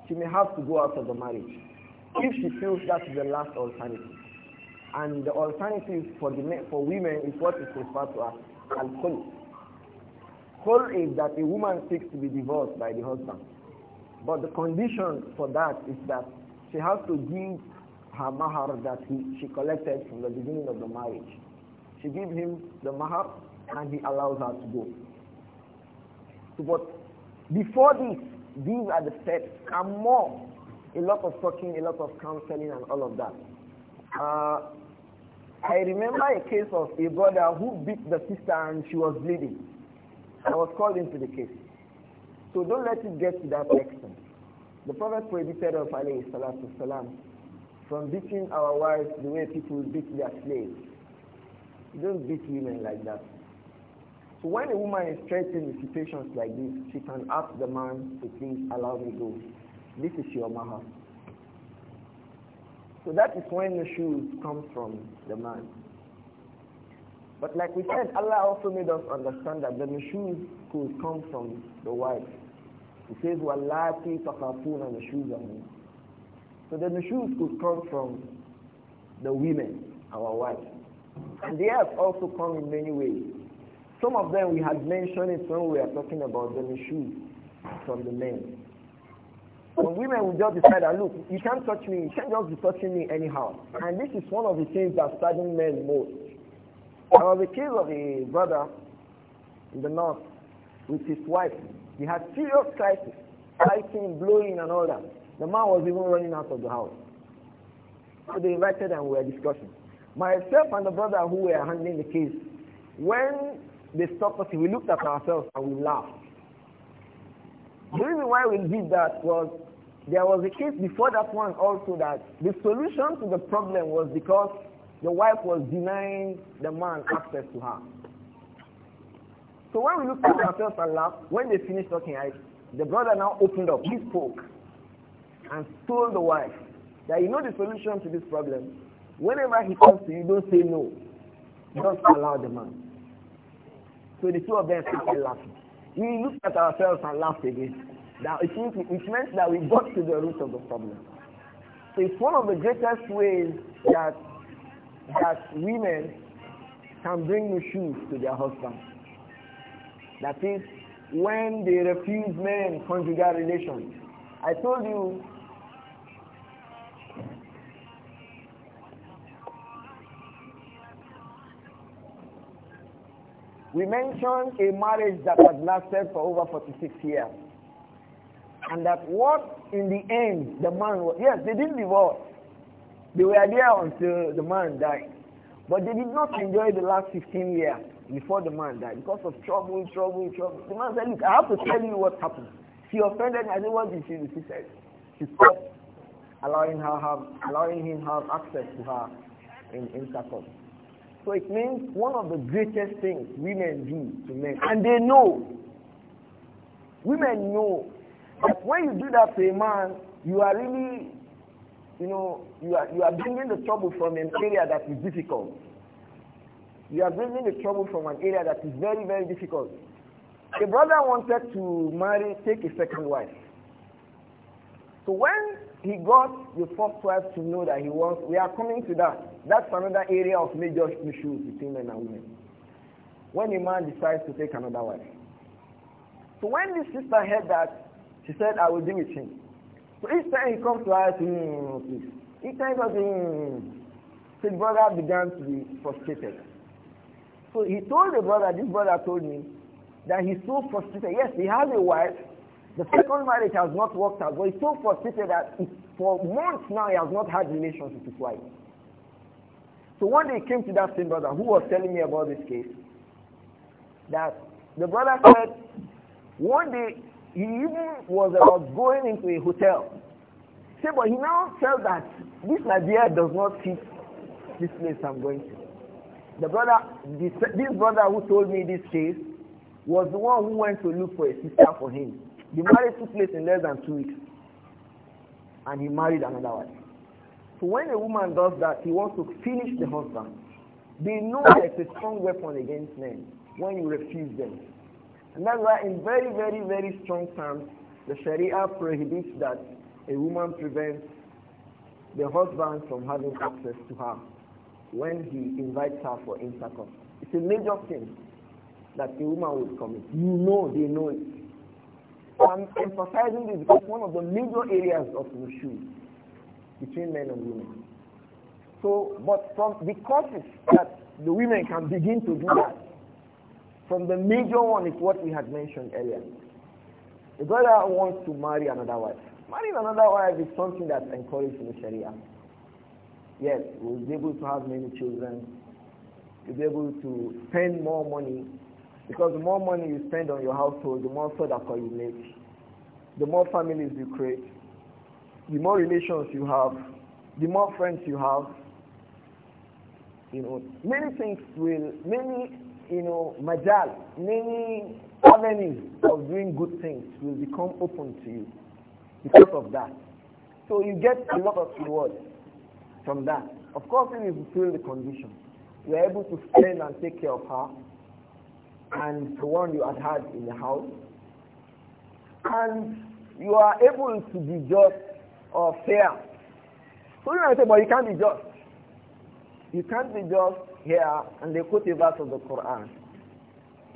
She may have to go out of the marriage if she feels that is the last alternative. And the alternative for the for women is what is referred to as al-khul. is that a woman seeks to be divorced by the husband. But the condition for that is that she has to give her mahar that he, she collected from the beginning of the marriage. She gives him the mahar and he allows her to go. So, but before this, these are the steps and more. A lot of talking, a lot of counseling and all of that. Uh, I remember a case of a brother who beat the sister and she was bleeding. I was called into the case. So don't let it get to that extent. The Prophet prohibited of alayhi salatu from beating our wives the way people beat their slaves. You don't beat women like that. So when a woman is threatened with situations like this, she can ask the man to please allow me go. This is your mahar. So that is when the shoes come from the man. But like we said, Allah also made us understand that the shoes could come from the wife. He says, shoes are nushuzahu. So the shoes could come from the women, our wives. And the have also come in many ways. Some of them we had mentioned it when we were talking about the issues from the men. When women will just decide that look, you can't touch me, you can't just be touching me anyhow. And this is one of the things that sadden men most. There was a case of a brother in the north with his wife. He had serious crisis, fighting, blowing, and all that. The man was even running out of the house. So they invited and we were discussing. Myself and the brother who were handling the case, when they stopped us, we looked at ourselves and we laughed. The reason why we did that was there was a case before that one also that the solution to the problem was because the wife was denying the man access to her. So when we looked at ourselves and laughed, when they finished talking, I, the brother now opened up, he spoke and told the wife that you know the solution to this problem. Whenever he comes to you, don't say no. Don't allow the man. So the two of them started laughing. We looked at ourselves and laughed again. Now it, it that we got to the root of the problem. So it's one of the greatest ways that that women can bring new shoes to their husbands. That is, when they refuse men conjugal relations. I told you We mentioned a marriage that had lasted for over 46 years. And that what in the end the man was, yes, they didn't divorce. They were there until the man died. But they did not enjoy the last 15 years before the man died because of trouble, trouble, trouble. The man said, look, I have to tell you what happened. She offended me. I said, what did she do? She said, she stopped allowing her have allowing him have access to her in intercourse. So it means one of the greatest things women do to men, and they know. Women know that when you do that to a man, you are really, you know, you are you are bringing the trouble from an area that is difficult. You are bringing the trouble from an area that is very very difficult. A brother wanted to marry, take a second wife. So when he got the first wife to know that he wants, we are coming to that. That's another area of major issues between men and women. When a man decides to take another wife. So when this sister heard that, she said, I will deal with him. So each time he comes to her, she mm, please. Each time he goes, mm. So the brother began to be frustrated. So he told the brother, this brother told me, that he's so frustrated. Yes, he has a wife, the second marriage has not worked out, but he's so frustrated that for months now he has not had relations with his wife. So one day he came to that same brother who was telling me about this case. That the brother said one day he even was about going into a hotel. Say, but he now felt that this idea does not fit this place I'm going to. The brother, this, this brother who told me this case was the one who went to look for a sister for him the marriage took place in less than two weeks. And he married another wife. So when a woman does that, he wants to finish the husband. They know it's a strong weapon against men when you refuse them. And that's why in very, very, very strong terms, the Sharia prohibits that a woman prevents the husband from having access to her when he invites her for intercourse. It's a major thing that a woman would commit. You know they know it. I'm emphasizing this because one of the major areas of issue between men and women. So, but from the causes that the women can begin to do that, from the major one is what we had mentioned earlier. The girl that wants to marry another wife. Marrying another wife is something that's encouraged in the Sharia. Yes, we'll be able to have many children, we'll be able to spend more money, because the more money you spend on your household, the more sadaqah you make. The more families you create, the more relations you have, the more friends you have. You know, many things will, many, you know, majal, many avenues of doing good things will become open to you because of that. So you get a lot of reward from that. Of course, if you fulfill the condition, you are able to spend and take care of her, and the one you had had in the house, and you are able to be just or fair. So you might say, but you can't be just. You can't be just here, and they quote a verse of the Quran.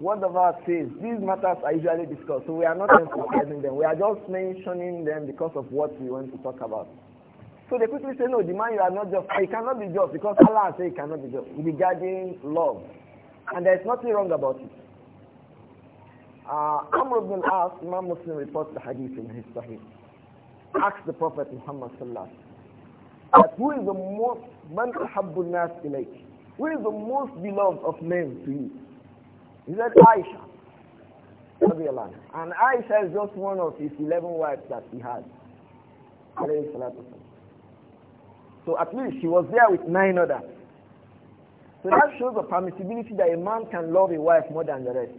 What the verse says, these matters are usually discussed, so we are not emphasizing them. We are just mentioning them because of what we want to talk about. So they quickly say, no, the man you are not just, He cannot be just because Allah says he cannot be just. judging love, and there is nothing wrong about it. Uh, Amr ibn al-As, Imam Muslim reports the hadith in his Sahih. Asked the Prophet Muhammad sallallahu that who is the most man ahabbu nas ilayk? Who is the most beloved of men to you? He said Aisha. And Aisha is just one of his 11 wives that he had. So at least she was there with nine others. So that shows the permissibility that a man can love a wife more than the rest.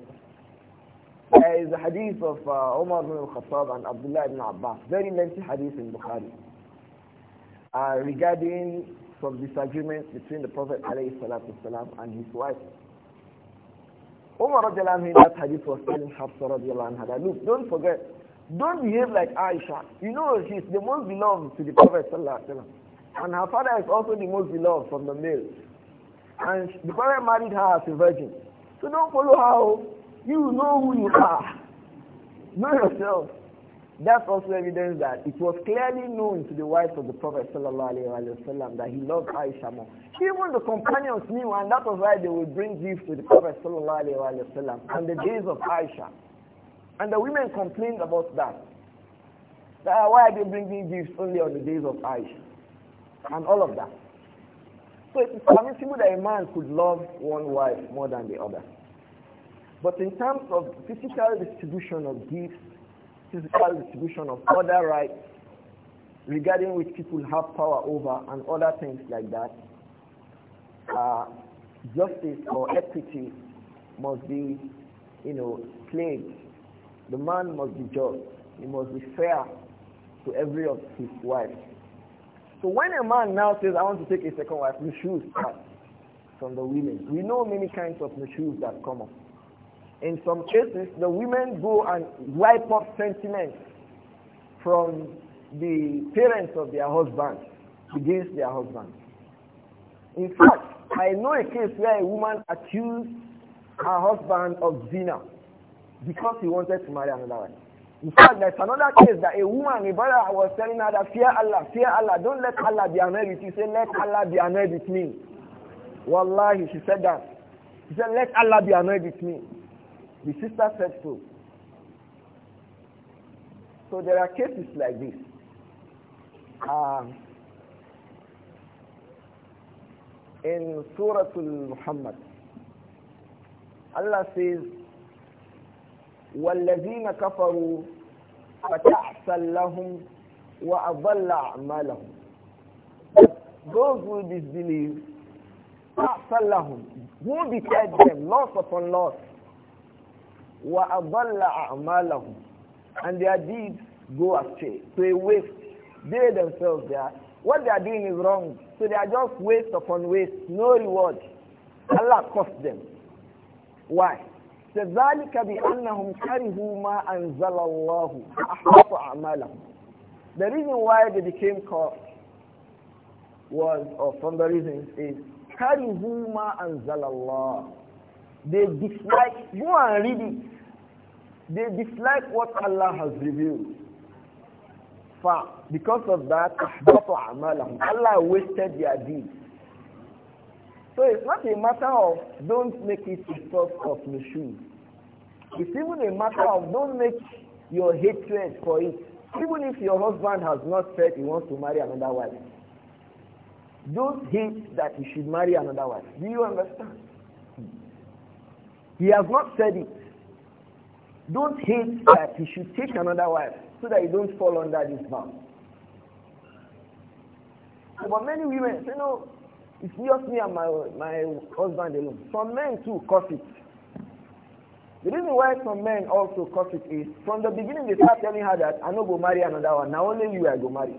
There is a hadith of uh, Umar ibn al-Khattab and Abdullah ibn Abbas, very lengthy hadith in Bukhari, uh, regarding some disagreements between the Prophet والسلام, and his wife. Umar in that hadith was telling Hafsa anha that, look, don't forget, don't behave like Aisha. You know, she's the most beloved to the Prophet and her father is also the most beloved from the males. And the Prophet married her as a virgin. So don't follow her oh. You know who you are. Know yourself. That's also evidence that it was clearly known to the wives of the Prophet wasallam that he loved Aisha more. Even the companions knew, and that was why they would bring gifts to the Prophet wasallam on the days of Aisha. And the women complained about that. that ah, why are they bringing gifts only on the days of Aisha? And all of that. So it is permissible that a man could love one wife more than the other. But in terms of physical distribution of gifts, physical distribution of other rights regarding which people have power over and other things like that, uh, justice or equity must be, you know, played. The man must be just. He must be fair to every of his wives. So when a man now says, I want to take a second wife, nushus start from the women. We know many kinds of nushus that come up. In some cases, the women go and wipe up sentiments from the parents of their husbands against their husbands. In fact, I know a case where a woman accused her husband of zina because he wanted to marry another one. In fact, there's another case that a woman, a brother was telling her that fear Allah, fear Allah, don't let Allah be annoyed with you. Say, let Allah be annoyed with me. Wallahi, she said that. She said, let Allah be annoyed with me. The sister said so. So there are cases like this. Um, in Surah Al-Muhammad, Allah says, وَالَّذِينَ كَفَرُوا فَتَحْسَلْ لَهُمْ وَأَضَلَّ أَعْمَالَهُمْ Those who disbelieve, تَحْسَلْ لَهُمْ Who deterred them, loss upon loss, وَأَضَلَّ أَعْمَالَهُمْ And their deeds go astray, So they waste. They themselves, they are, what they are doing is wrong. So they are just waste upon waste, no reward. Allah cost them. Why? ذلك بأنهم كرهوا ما أنزل الله أحبط أعمالهم The reason why they became caught was, or from the reasons is كرهوا ما أنزل الله they dislike, go and read it. They dislike what Allah has revealed. Fa, because of that, Allah wasted their deeds. So it's not a matter of don't make it a source of machine It's even a matter of don't make your hatred for it. Even if your husband has not said he wants to marry another wife, don't hate that he should marry another wife. Do you understand? He has not said it. Don't hate that he should take another wife so that you don't fall under this vow. But many women say, no, it's just me and my, my husband alone. Some men too cause it. The reason why some men also cause it is from the beginning they start telling her that I no go marry another one, now only you I go marry.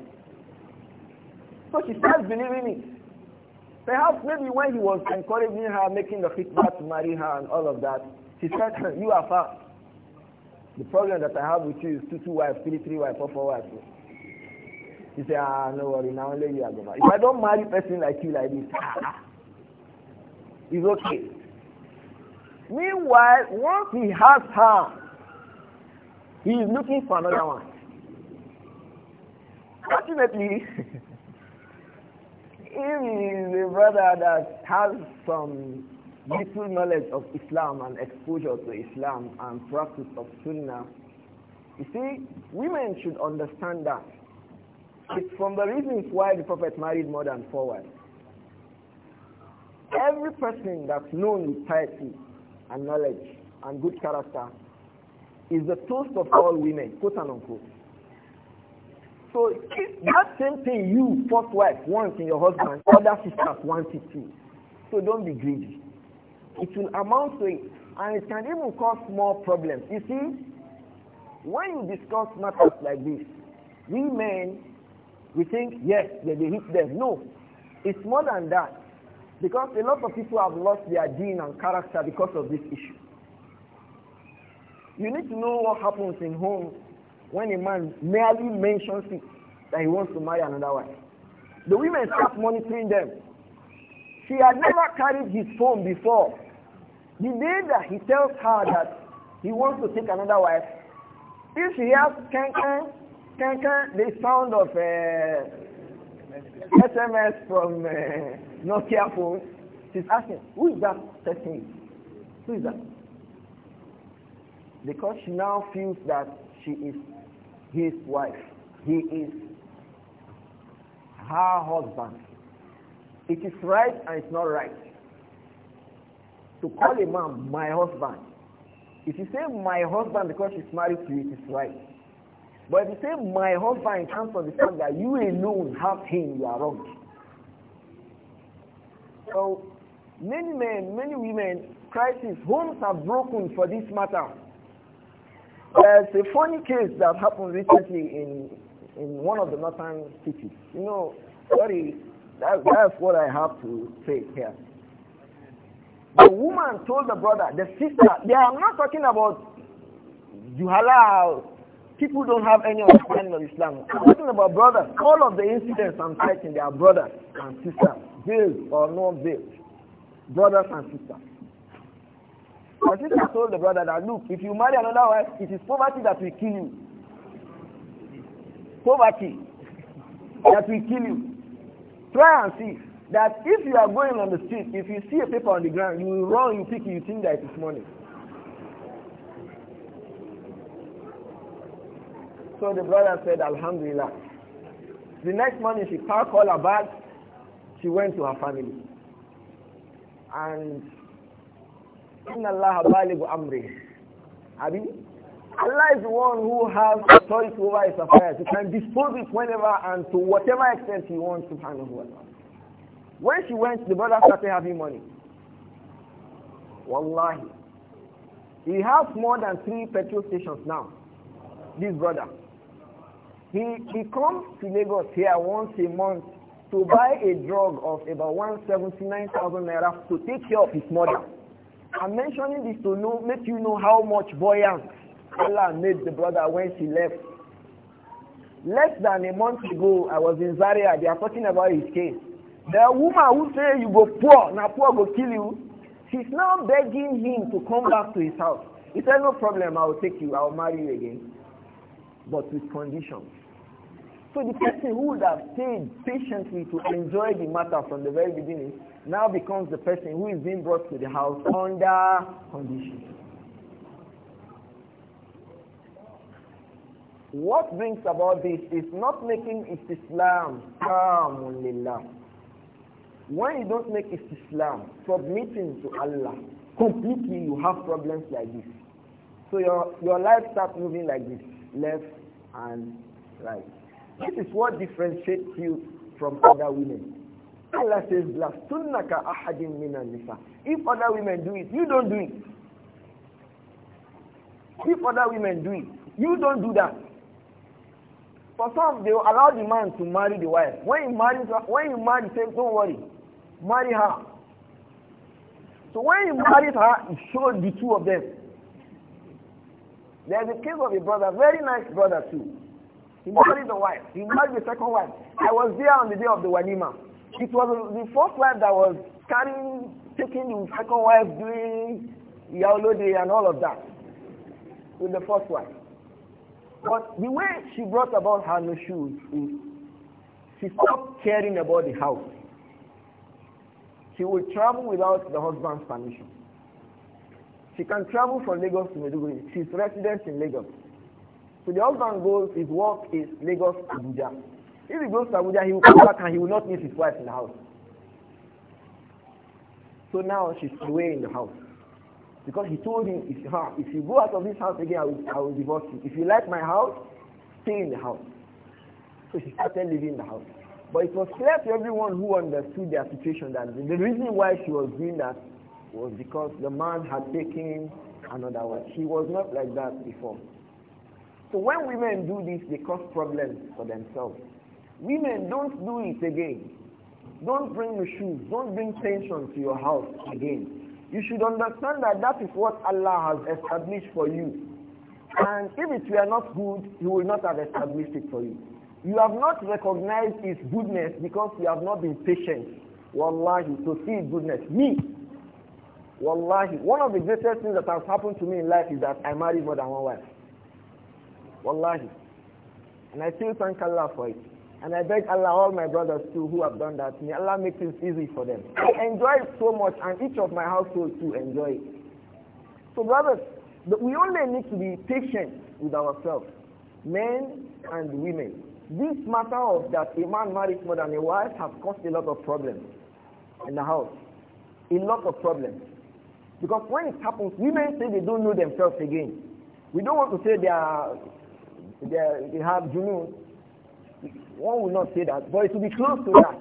So she starts believing it. Perhaps maybe when he was encouraging her, making the khitbah to marry her and all of that, he said, you are far. The problem that I have with you is two, two wives, three, three wives, four, four wives. He said, ah, no worry, now only you are going If I don't marry a person like you like this, ah, ah, it's okay. Meanwhile, once he has her, he is looking for another one. Ultimately, if he is a brother that has some little knowledge of Islam and exposure to Islam and practice of Sunnah, you see, women should understand that. It's from the reasons why the Prophet married more than four wives. Every person that's known with piety and knowledge and good character is the toast of all women, quote unquote. So that same thing you, first wife, want in your husband, other sisters want it too. So don't be greedy. It will amount to it. And it can even cause more problems. You see, when you discuss matters like this, we men, we think, yes, they, they hit them. No, it's more than that. Because a lot of people have lost their gene and character because of this issue. You need to know what happens in home when a man merely mentions it that he wants to marry another wife. The women start monitoring them. She had never carried his phone before. The day that he tells her that he wants to take another wife, if she hears can can the sound of uh, SMS from uh, Nokia phone, she's asking, who is that texting? Who is that? Because she now feels that she is his wife. He is her husband. It is right and it's not right to call a man my husband. If you say my husband because she's married to you, it is right. But if you say my husband, it comes from the fact that you alone have him, you are wrong. So many men, many women, crisis, homes are broken for this matter. There's a funny case that happened recently in in one of the northern cities. You know, sorry, that, that's what I have to say here. The woman told the brother, the sister, they are not talking about Juhala. People don't have any understanding of Islam. I'm talking about brothers. All of the incidents I'm citing, they are brothers and sisters, veiled or non veiled. Brothers and sisters. My sister told the brother that, look, if you marry another wife, it is poverty that will kill you. Poverty that will kill you. Try and see that if you are going on the street, if you see a paper on the ground, you will run, you pick it, you think that it is money. So the brother said, Alhamdulillah. The next morning she packed all her bags, she went to her family. And Inna Allah baligu amri. Abi? Allah is the one who has authority over his affairs. He can dispose it whenever and to whatever extent he wants, to handle ta'ala. When she went, the brother started having money. Wallahi. He has more than three petrol stations now. This brother. He, he comes to Lagos here once a month to buy a drug of about 179,000 naira to take care of his mother. I'm mentioning this to know, make you know how much buoyant Allah made the brother when she left. Less than a month ago, I was in Zaria. They are talking about his case. The woman who say you go poor, now poor go kill you, she's now begging him to come back to his house. He said, no problem, I will take you, I will marry you again. But with conditions. So the person who would have stayed patiently to enjoy the matter from the very beginning now becomes the person who is being brought to the house under conditions. What brings about this is not making Islam Amun Lillah. When you don't make Islam submitting to Allah completely, you have problems like this. So your, your life starts moving like this, left and right this is what differentiates you from other women. Allah says, "Blastunaka ahadin mina nisa." If other women do it, you don't do it. If other women do it, you don't do that. For some, they will allow the man to marry the wife. When you marry, when you marry, say, "Don't worry, marry her." So when you marry her, it shows the two of them. There's a case of a brother, very nice brother too. He married the wife. He married the second wife. I was there on the day of the Wanima. It was the first wife that was carrying, taking the second wife, doing day and all of that with the first wife. But the way she brought about her new is she stopped caring about the house. She would travel without the husband's permission. She can travel from Lagos to Maiduguri. She's resident in Lagos. So the husband goes, his work is Lagos, Abuja. If he goes to Abuja, he will come back and he will not meet his wife in the house. So now she's away in the house. Because he told him, if, if you go out of this house again, I will, I will divorce you. If you like my house, stay in the house. So she started living in the house. But it was clear to everyone who understood their situation that the reason why she was doing that was because the man had taken another wife. She was not like that before. So when women do this, they cause problems for themselves. Women, don't do it again. Don't bring the shoes. Don't bring tension to your house again. You should understand that that is what Allah has established for you. And if it were not good, He will not have established it for you. You have not recognized His goodness because you have not been patient. Wallahi, to see goodness. Me, wallahi, one of the greatest things that has happened to me in life is that I married more than one wife. Wallahi. And I still thank Allah for it. And I beg Allah, all my brothers too who have done that, may Allah make things easy for them. I enjoy it so much and each of my household too enjoy it. So brothers, we only need to be patient with ourselves, men and women. This matter of that a man marries more than a wife has caused a lot of problems in the house. A lot of problems. Because when it happens, women say they don't know themselves again. We don't want to say they are they, they have Junoon, one will not say that, but it will be close to that.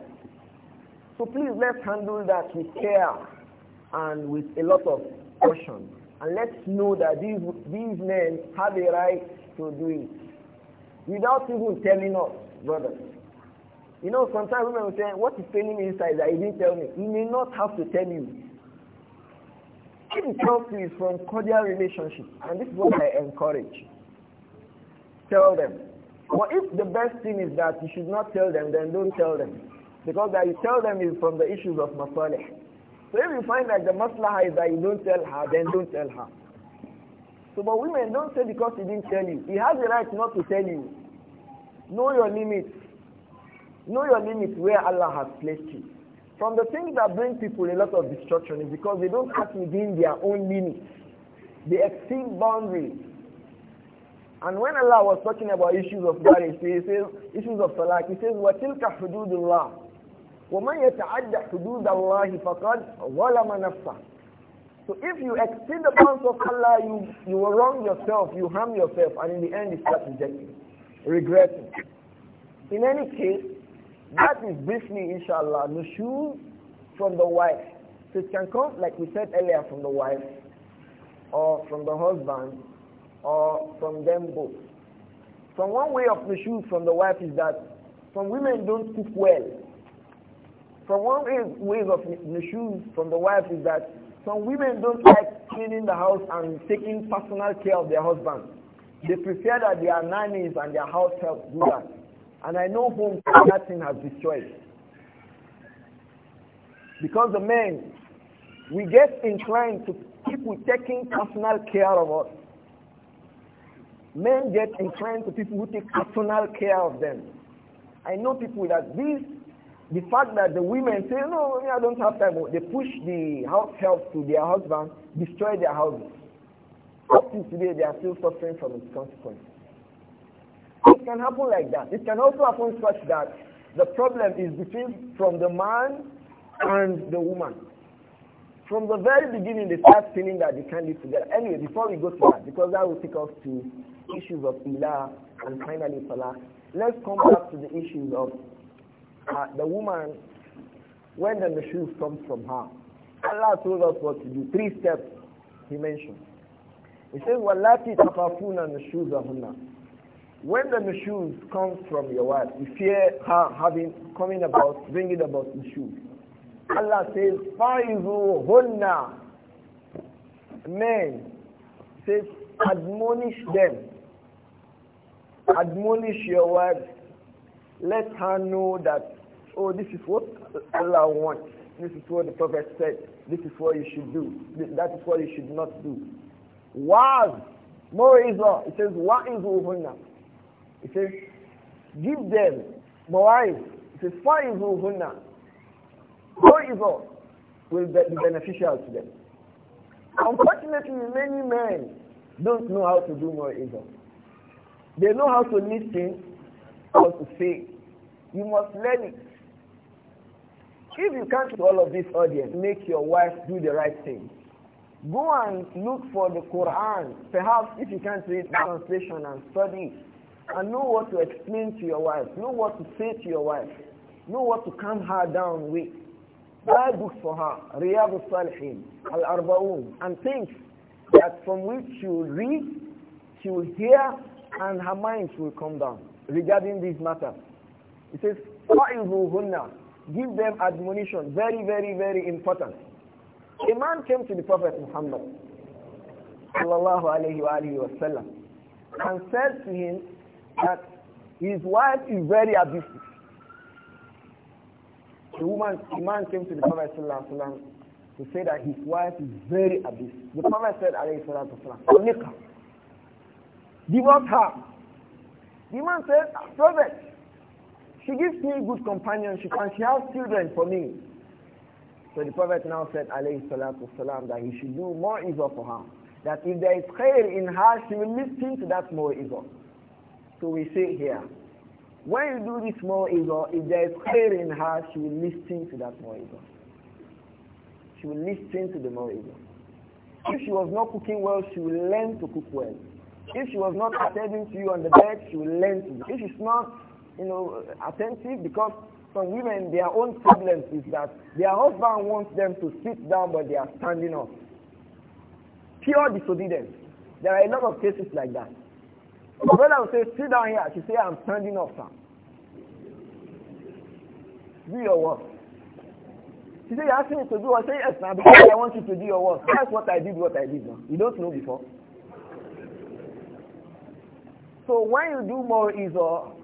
So please let's handle that with care and with a lot of caution. And let's know that these, these men have a right to do it. Without even telling us, brothers. You know, sometimes women will say, what is paining me inside that he didn't tell me? He may not have to tell you. If he to you, from cordial relationship. And this is what I encourage. Tell them. but if the best thing is that you should not tell them, then don't tell them. Because that you tell them is from the issues of masalih. So if you find that the maslaha is that you don't tell her, then don't tell her. So but women don't say because he didn't tell you. He has the right not to tell you. Know your limits. Know your limits where Allah has placed you. From the things that bring people a lot of destruction is because they don't act within their own limits. They exceed boundaries. And when Allah was talking about issues of marriage, he says issues of talaq, he says, وَتِلْكَ حُدُودُ اللَّهِ وَمَنْ يَتَعَدَّ حُدُودَ اللَّهِ فَقَدْ ظَلَمَ نَفْسَهُ So if you exceed the bounds of Allah, you, you will wrong yourself, you harm yourself, and in the end you start rejecting, regretting. In any case, that is briefly, inshallah, nushu from the wife. So it can come, like we said earlier, from the wife or from the husband or from them both. From one way of shoes from the wife is that some women don't cook well. From one way of of shoes from the wife is that some women don't like cleaning the house and taking personal care of their husband. They prefer that their nannies and their house help do that. And I know whom that thing has destroyed. Because the men, we get inclined to people taking personal care of us. Men get inclined to people who take personal care of them. I know people that this, the fact that the women say, no, I don't have time, they push the house help to their husband, destroy their houses. Up to today, they are still suffering from its consequences. It can happen like that. It can also happen such that the problem is between from the man and the woman. From the very beginning, they start feeling that they can't live together. Anyway, before we go to that, because that will take us to issues of ilah and finally salah, let's come back to the issues of uh, the woman when the shoes comes from her. Allah told us what to do. Three steps he mentioned. He says, shoes are نُشُوزَهُنَّ When the shoes comes from your wife, you fear her having, coming about, bringing about nushuz. Allah says, فَعِذُوهُنَّ Men, says, admonish them. Admonish your wife. Let her know that, oh, this is what Allah wants. This is what the Prophet said. This is what you should do. That is what you should not do. Waz. Moreover, it says, what is Uhunna? It says, give them. Mawaiz. It says, what is Uhunna? Moreover, will be beneficial to them. Unfortunately, many men don't know how to do more evil. They know how to listen or to say. You must learn it. If you can't do all of this audience, make your wife do the right thing. Go and look for the Quran. Perhaps if you can't read the translation and study and know what to explain to your wife, know what to say to your wife, know what to calm her down with. Buy books for her, Riyadh al-Salihin, Al-Arba'un, and things that from which she will read, she will hear, and her mind will come down regarding this matter. It says, فَإِذُوهُنَّ Give them admonition. Very, very, very important. A man came to the Prophet Muhammad sallallahu alayhi wa and said to him that his wife is very abusive. The woman, the man came to the Prophet sallallahu alayhi wa to say that his wife is very abusive. The Prophet said alayhi salatu divorce her. The man said, Prophet, she gives me good companionship and she has children for me. So the Prophet now said, alayhi salatu salam, that he should do more evil for her. That if there is prayer in her, she will listen to that more evil. So we say here, when you do this more evil, if there is prayer in her, she will listen to that more evil. She will listen to the more evil. If she was not cooking well, she will learn to cook well. If she was not attending to you on the bed, she will learn to you. If she's not, you know, attentive, because some women, their own problem is that their husband wants them to sit down, but they are standing up. Pure disobedience. There are a lot of cases like that. The brother will say, sit down here. She say, I'm standing up, sir. Do your work. She said, you asked me to do I say, yes, now, because I want you to do your work. That's what I did, what I did now. You don't know before. So when you do more evil,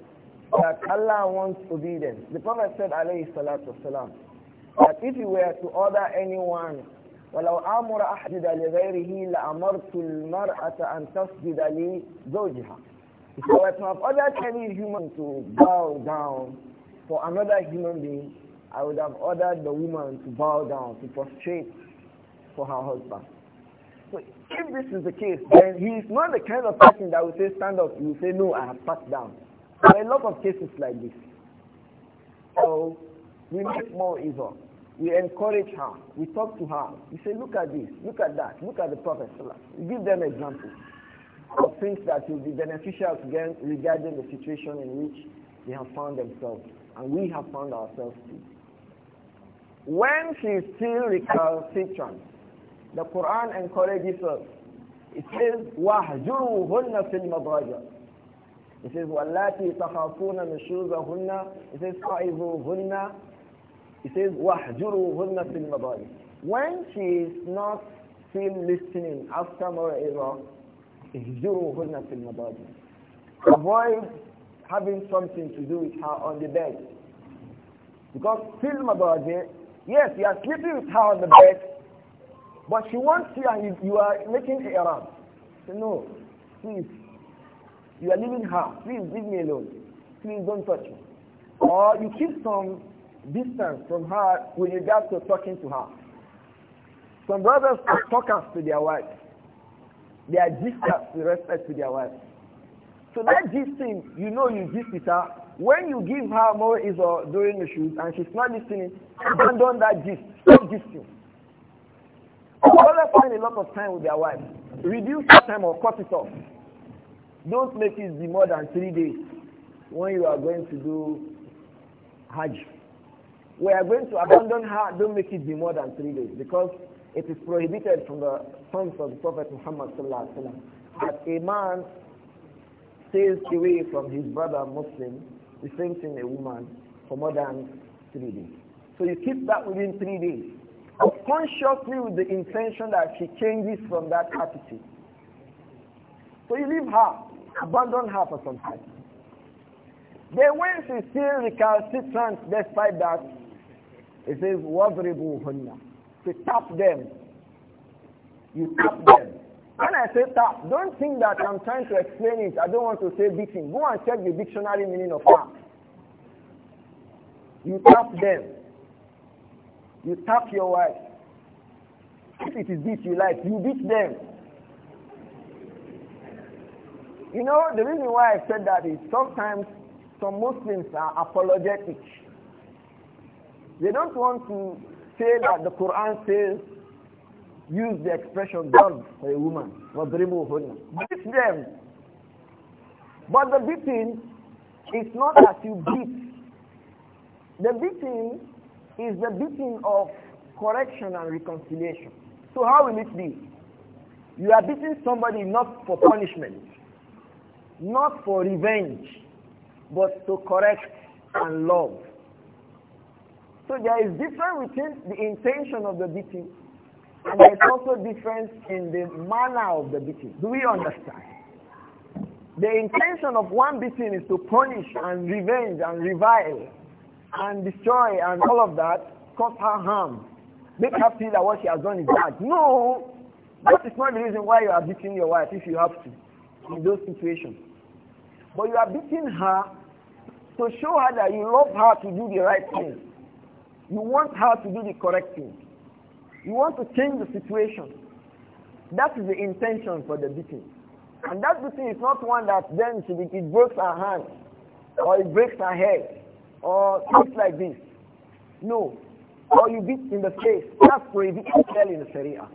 that Allah wants obedience. The Prophet said, alayhi salatu wasalam, that if you were to order anyone, ولو أمر أحد لغيره لأمرت المرأة أن تسجد لزوجها. If I were to have ordered any human to bow down for another human being, I would have ordered the woman to bow down, to prostrate for her husband if this is the case, then he is not the kind of person that will say, stand up. You say, no, I have sat down. There are a lot of cases like this. So we make more evil. We encourage her. We talk to her. We say, look at this, look at that, look at the Prophet. We give them examples of things that will be beneficial to them regarding the situation in which they have found themselves. And we have found ourselves too. When she is still recalcitrant, the Quran encourages us. It says, وَهْجُرُوهُنَّ فِي الْمَضْرَجَةِ It says, وَاللَّاتِي تَخَافُونَ نُشُوزَهُنَّ It says, فَعِذُوهُنَّ It says, وَهْجُرُوهُنَّ فِي الْمَضَاجِعِ When she is not still listening after Mura'ira, اهْجُرُوهُنَّ فِي الْمَضَاجِعِ Avoid having something to do with her on the bed. Because fil madaji, yes, you are sleeping with her on the bed, but she wants you and you are making a around. Say, no, please. You are leaving her. Please leave me alone. Please don't touch me. Or you keep some distance from her when you got to talking to her. Some brothers are talkers to their wives. They are distant with respect to their wives. So that thing, you know you give with her. When you give her more is uh, during the shoot and she's not listening, abandon that gist. Stop gisting. Scholars spend a lot of time with their wives. Reduce the time or cut it off. Don't make it be more than three days when you are going to do Hajj. We are going to abandon her, don't make it be more than three days because it is prohibited from the sons of the Prophet Muhammad sallam, that a man stays away from his brother Muslim, the same thing a woman, for more than three days. So you keep that within three days consciously with the intention that she changes from that attitude. So you leave her, abandon her for some time. Then when she still recalcitrant despite that, it says, وَضْرِبُوهُنَّ She tap them. You tap them. When I say tap, don't think that I'm trying to explain it. I don't want to say beating. Go and check the dictionary meaning of tap. You tap them. You tap your wife. If it is this you like, you beat them. You know, the reason why I said that is sometimes some Muslims are apologetic. They don't want to say that the Quran says, use the expression dog for a woman, beat them. But the beating is not as you beat. The beating is the beating of correction and reconciliation. So how will it be? You are beating somebody not for punishment, not for revenge, but to correct and love. So there is difference between the intention of the beating and there is also difference in the manner of the beating. Do we understand? The intention of one beating is to punish and revenge and revile and destroy and all of that, cause her harm make her feel that what she has done is bad. No, that is not the reason why you are beating your wife if you have to in those situations. But you are beating her to show her that you love her to do the right thing. You want her to do the correct thing. You want to change the situation. That is the intention for the beating. And that beating is not one that then she, it breaks her hand or it breaks her head or things like this. No, or you beat in the face. That's prohibited clearly in the Sharia.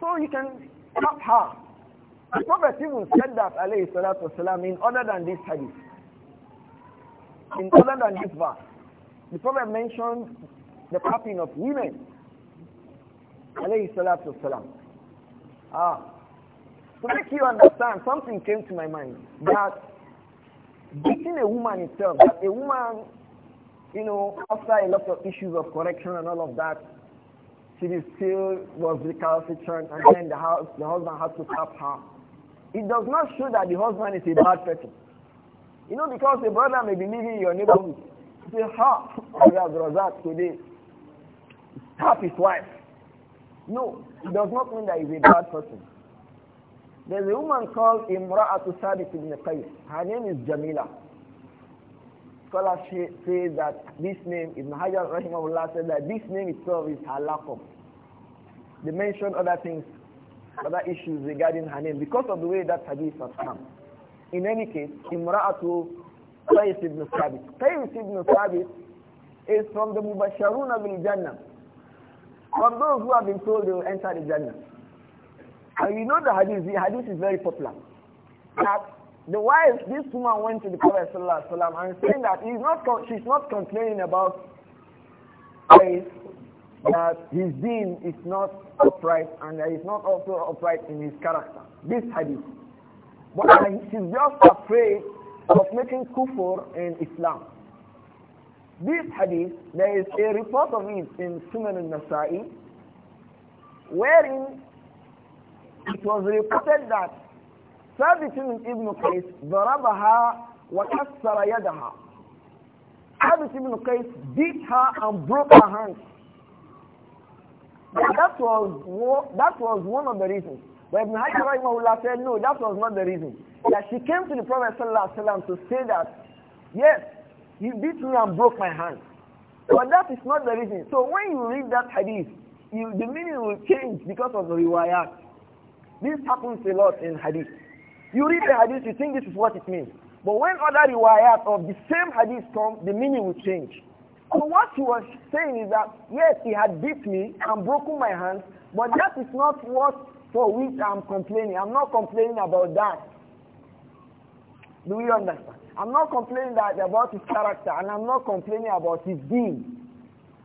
So you can stop her. The Prophet even said that, alayhi salatu wasalam, in other than this hadith, in other than this verse, the Prophet mentioned the cupping of women, alayhi salatu wasalam. Ah, to make you understand, something came to my mind, that beating a woman itself, that a woman you know, after a lot of issues of correction and all of that, she still was recalcitrant, and then the, house, the husband had to tap her. It does not show that the husband is a bad person. You know, because a brother may be living in your neighborhood. Say, ha, Razak today, tap his wife. No, it does not mean that he's a bad person. There's a woman called Imra'atu Sadiq ibn Qais. Her name is Jamila. Scholars say that this name, Ibn Hajar Rahimahullah said that this name itself is halakum. They mentioned other things, other issues regarding her name because of the way that hadith has come. In any case, Imra'atu Qais ibn Thabit. Qais ibn Thabit is from the Mubasharuna bil Jannah. From those who have been told they will enter the Jannah. And you know the hadith, the hadith is very popular. That the wife, this woman went to the Prophet sallallahu alaihi wasallam and saying that he's not, she's not complaining about faith, that his deen is not upright and that he's not also upright in his character. This hadith. But she's just afraid of making kufur in Islam. This hadith, there is a report of it in Sunan al-Nasa'i, wherein it was reported that ثابت من ابن قيس ضربها وكسر يدها ثابت ibn Qais beat her and broke her hand that was that was one of the reasons but Ibn Hajar rahimahullah said no that was not the reason that she came to the Prophet sallallahu alaihi wasallam to say that yes he beat me and broke my hand but that is not the reason so when you read that hadith you, the meaning will change because of the riwayat this happens a lot in hadith you read the hadith, you think this is what it means. But when other riwayat of the same hadith come, the meaning will change. So what he was saying is that, yes, he had beat me and broken my hands, but that is not what for which I'm complaining. I'm not complaining about that. Do we understand? I'm not complaining that, about his character, and I'm not complaining about his deed.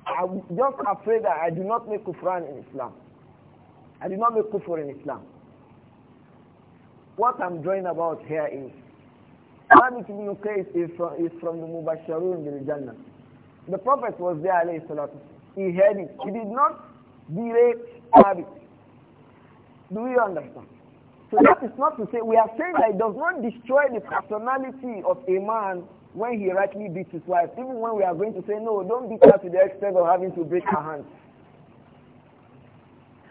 I'm just afraid that I do not make kufran in Islam. I do not make kufr in Islam. What I'm drawing about here is Thabit ibn Qais is from, is from the Mubasharun bil Jannah. The Prophet was there, alayhi salatu. He heard it. He did not berate Thabit. Do you understand? So that is not to say, we are saying that it does not destroy the personality of a man when he rightly beats his wife. Even when we are going to say, no, don't beat her to the extent of having to break her hands.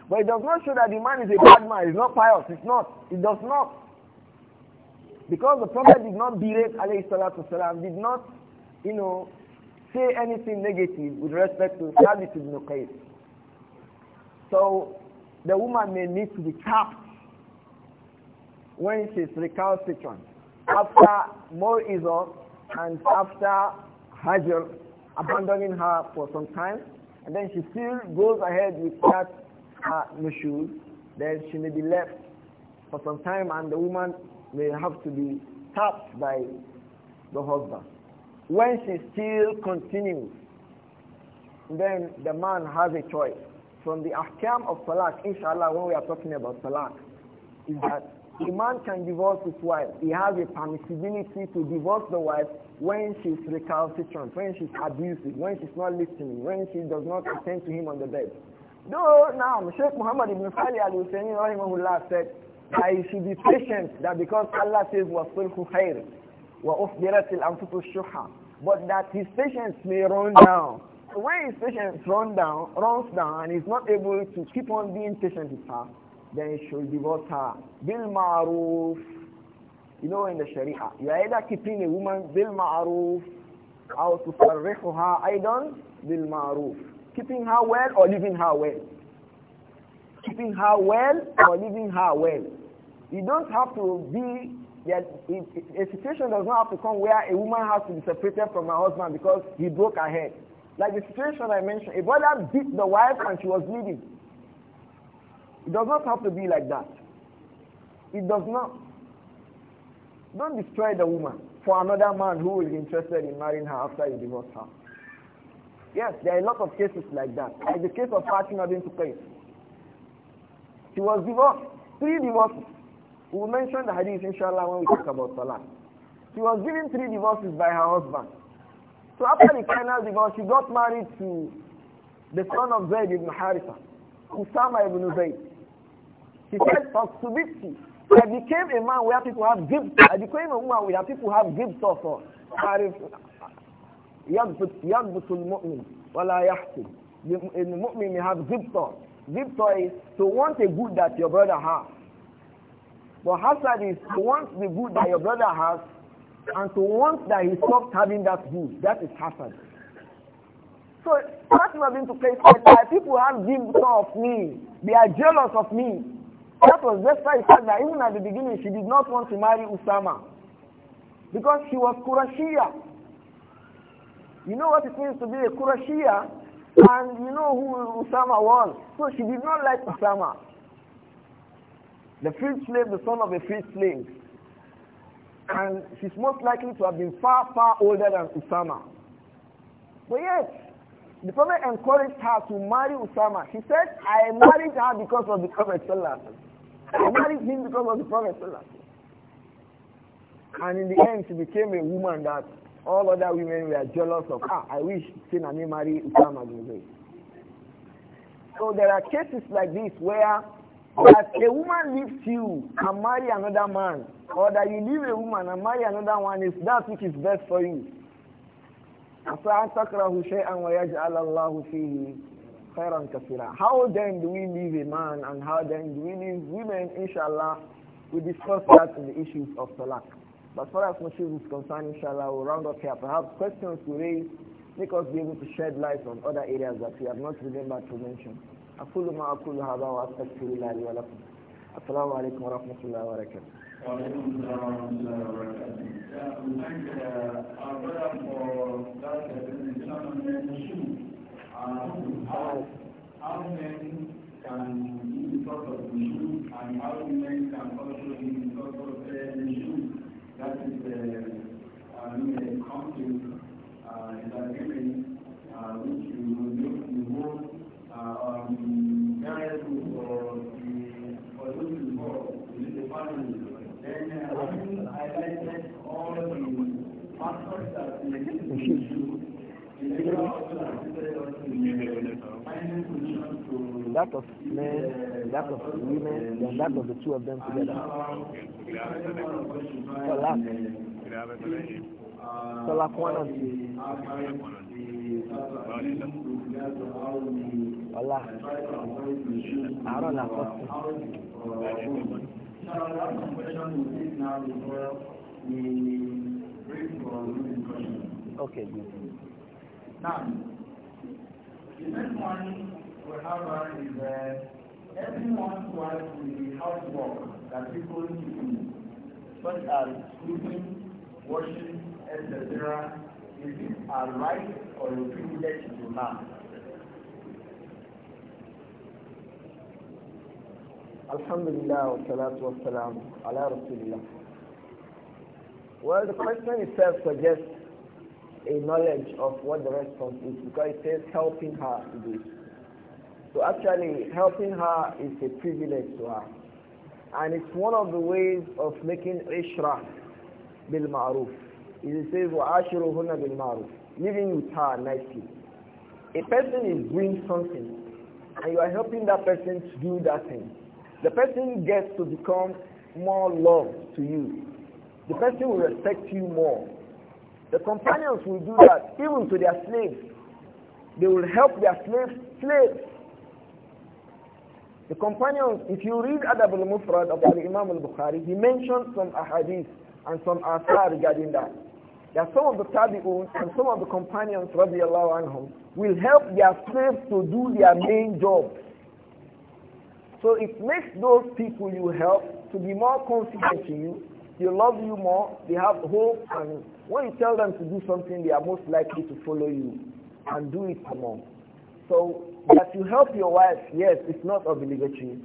But it does not show that the man is a bad man. It's not pious. It's not. It does not. Because the Prophet did not berate alayhi salatu salam, did not, you know, say anything negative with respect to Thabit ibn Qais. So the woman may need to be tapped when she's recalcitrant. After Mo'izah and after Hajar abandoning her for some time, and then she still goes ahead with that her nushud, then she may be left for some time and the woman may have to be tapped by the husband. When she still continues, then the man has a choice. From the ahkam of talaq, inshallah, when we are talking about talaq, is that a man can divorce his wife. He has a permissibility to divorce the wife when she's recalcitrant, when she's abusive, when she's not listening, when she does not attend to him on the bed. Though now Sheikh Muhammad ibn Salih al Husayni rahimahullah said that you should be patient that because Allah says wasulhu khair wa ufdirat al shuha but that his patience may run down. So when his patience run down, runs down and is not able to keep on being patient with her, then he should divorce her. Bil ma'ruf. You know in the Sharia, you are either keeping a woman bil ma'ruf or to farrihuha aydan bil ma'ruf. Keeping her well or leaving her well? Keeping her well or leaving her well? You don't have to be, that a situation does not have to come where a woman has to be separated from her husband because he broke her head. Like the situation I mentioned, a brother beat the wife and she was leaving, It does not have to be like that. It does not. Don't destroy the woman for another man who is interested in marrying her after you divorce her. Yes, there are a lot of cases like that. Like the case of Fatima bint Qais. She was divorced, three divorces. We will mention the hadith inshallah when we talk about Salah. She was given three divorces by her husband. So after the final divorce, she got married to the son of Zayd ibn Haritha, Usama ibn Zayd. He said, Faksubitsi, I became a man where people have gifts. I became a woman where people have gifts of her. Uh, يضبط يضبط المؤمن ولا يحسد the, the mu'min may have zibta zibta is to want a good that your brother has but hasad is to want the good that your brother has and to want that he stopped having that good that is hasad so that's not been to place My people have zibta of me they are jealous of me that was just why said that even at the beginning she did not want to marry Usama because she was Qurashiyah you know what it means to be a Qurashia? And you know who Usama was. So she did not like Usama. The freed slave, the son of a freed slave. And she's most likely to have been far, far older than Usama. But yes, the Prophet encouraged her to marry Usama. She said, I married her because of the Prophet I married him because of the Prophet And in the end, she became a woman that all other women were jealous of, ah, I wish Sinani marry Usama bin Zayd. So there are cases like this where as a woman leaves you and marry another man, or that you leave a woman and marry another one is that which is best for you. How then do we leave a man and how then do we leave women, inshallah? We discuss that in the issues of talaq. But as far as Mushib is concerned, inshallah, we'll round up here. Perhaps questions we raise make us be able to shed light on other areas that we have not remembered to mention. أقول ما أقول هذا وأستغفر الله لي ولكم السلام عليكم ورحمة الله وبركاته وعليكم السلام ورحمة الله وبركاته thank you uh, for that presentation uh, uh, how men can be of the and how can also be of the that is the, uh, I mean, a conflict uh, uh, which you make uh, the whole um, parenthood the for those involved the family. Then uh, I highlighted all the factors that the issue. In the also also the final that of men, that of women, and that of the two of them together. Talak. Talak one of two. Ọlá àárọ̀ là kọ́ sí. Okay, good. Now, the one will happen is that uh, everyone wants the housework that people need to do, such as cooking, washing, etc. Is it a right or a privilege to man? Alhamdulillah wa salatu wa salam ala Rasulillah. Well, the question itself suggests a knowledge of what the response is because it says helping her to do so actually, helping her is a privilege to her. And it's one of the ways of making ishrah bil ma'ruf. It says, bil Ma'ruf, Living with her nicely. A person is doing something, and you are helping that person to do that thing. The person gets to become more loved to you. The person will respect you more. The companions will do that even to their slaves. They will help their slaves, slaves the companions, if you read Adab al-Mufrad of Al-Imam al-Bukhari, he mentioned some ahadith and some asar regarding that. That some of the tabi'un and some of the companions, radiallahu anhum, will help their slaves to do their main job. So it makes those people you help to be more confident in you. They love you more. They have hope. And when you tell them to do something, they are most likely to follow you and do it more. So that you help your wife, yes, it's not obligatory.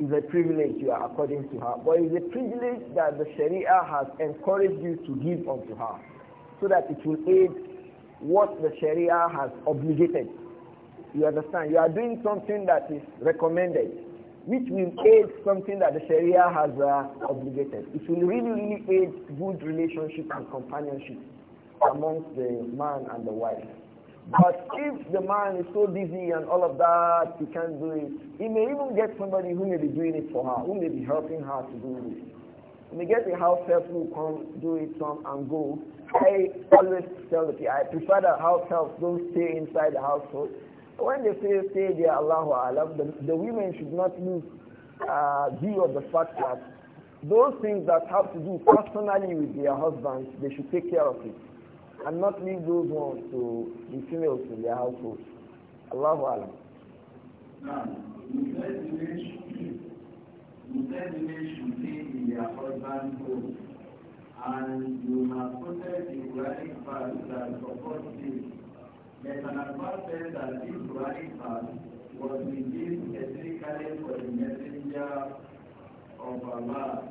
It's a privilege you are according to her. But it's a privilege that the Sharia has encouraged you to give unto her so that it will aid what the Sharia has obligated. You understand? You are doing something that is recommended, which will aid something that the Sharia has uh, obligated. It will really, really aid good relationship and companionship amongst the man and the wife. But if the man is so busy and all of that, he can't do it. He may even get somebody who may be doing it for her, who may be helping her to do it. He may get a house help who come do it some and go. I always tell the people, I prefer that house help don't stay inside the household. When they say stay there, Allahu Alam, the, the women should not lose uh, view of the fact that those things that have to do personally with their husbands, they should take care of it. and not leave those ones to the females in their household. Allahu Alam. Now, you said the men should stay their husband's and you have quoted the Quranic verse that supports this. an adverse that this Quranic verse was revealed specifically for the messenger of Allah.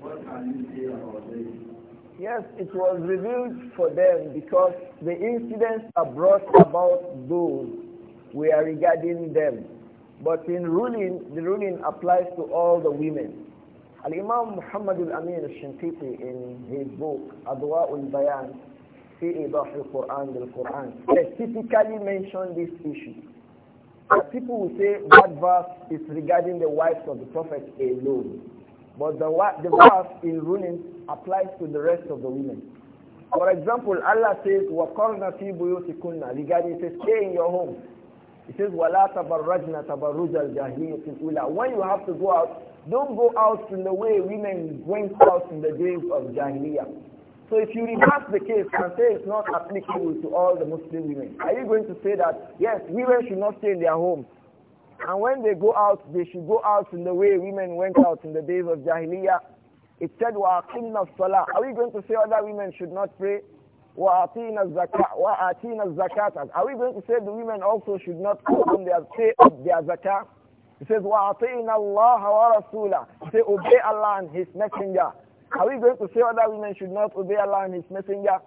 What can you say about this? Yes, it was revealed for them because the incidents are brought about those we are regarding them. But in ruling, the ruling applies to all the women. Al-Imam Muhammad al-Amin al-Shintiti in his book Adwa Ul bayan fi Idah al-Quran al-Quran specifically mentioned this issue. That people will say that verse is regarding the wives of the Prophet alone. But the, the verse in ruling applies to the rest of the women. For example, Allah says, وَقَرْنَ فِي بُيُوتِكُنَّ Regarding, it says, stay in your home. He says, وَلَا تَبَرَّجْنَ تَبَرُّجَ الْجَاهِلِيَةِ الْأُولَى When you have to go out, don't go out in the way women went out in the days of Jahiliyyah. So if you reverse the case and say it's not applicable to all the Muslim women, are you going to say that, yes, women should not stay in their home and when they go out, they should go out in the way women went out in the days of Jahiliyyah. It said, وَأَقِمْنَا الصَّلَاةِ Are we going to say other women should not pray? وَأَعْطِينَا الزَّكَاةَ وَأَعْطِينَا الزَّكَاةَ Are we going to say the women also should not on their, pay up their zakah? It says, wa اللَّهَ وَرَسُولَهُ Say, obey Allah and His Messenger. Are we going to say other women should not obey Allah and His Messenger?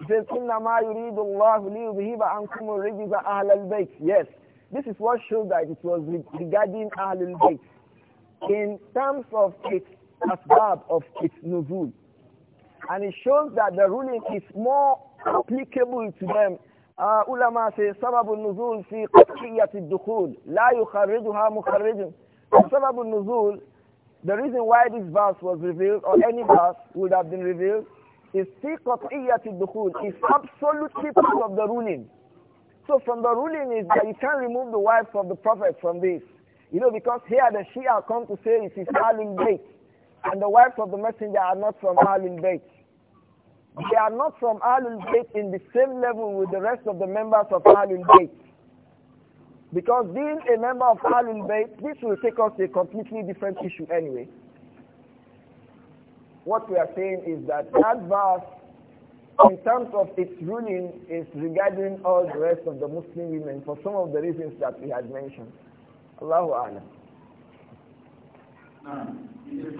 It says, إِنَّمَا يُرِيدُ اللَّهُ لِيُذْهِبَ عَنْكُمُ الرِّجِزَ أَهْلَ الْبَيْتِ Yes. This is what showed that it was regarding Ahlul Bayt in terms of its asbab, of its nuzul. And it shows that the ruling is more applicable to them. Uh, ulama says, سبب النزول في قطعية الدخول لا يخرجها مخرج. سبب النزول, the reason why this verse was revealed, or any verse would have been revealed, is في قطعية الدخول, is absolutely part of the ruling. So from the ruling is that you can't remove the wives of the Prophet from this. You know, because here the Shia come to say it is Alim Bayt. And the wives of the messenger are not from Alim Bayt. They are not from Alim Bayt in the same level with the rest of the members of Alim Bayt. Because being a member of Alim Bayt, this will take us to a completely different issue anyway. What we are saying is that that verse in terms of its ruling is regarding all the rest of the Muslim women for some of the reasons that we had mentioned. Allahu Alam. Even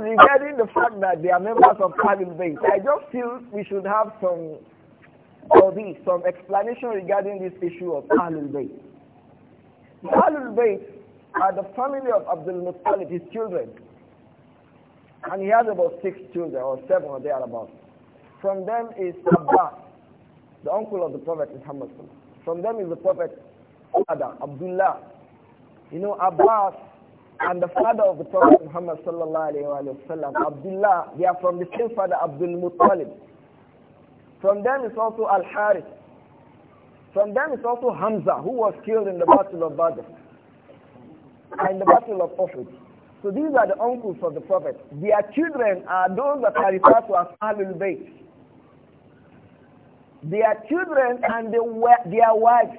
regarding the fact that they are members of Khalil Bayt, I just feel we should have some or this, some explanation regarding this issue of Khalil Bayt. Khalil Bay Bayt are the family of Abdul Muttalib, his children. And he has about six children or seven or thereabouts. From them is Abbas, the uncle of the Prophet Muhammad. From them is the Prophet father, Abdullah. You know, Abbas and the father of the Prophet Muhammad sallallahu alayhi wa Abdullah, they are from the same father, Abdul Muttalib. From them is also Al-Harith. From them is also Hamza, who was killed in the Battle of Badr and the Battle of Uhud. So these are the uncles of the Prophet. Their children are those that are referred to as Ahlul Bayt. Their children and their wives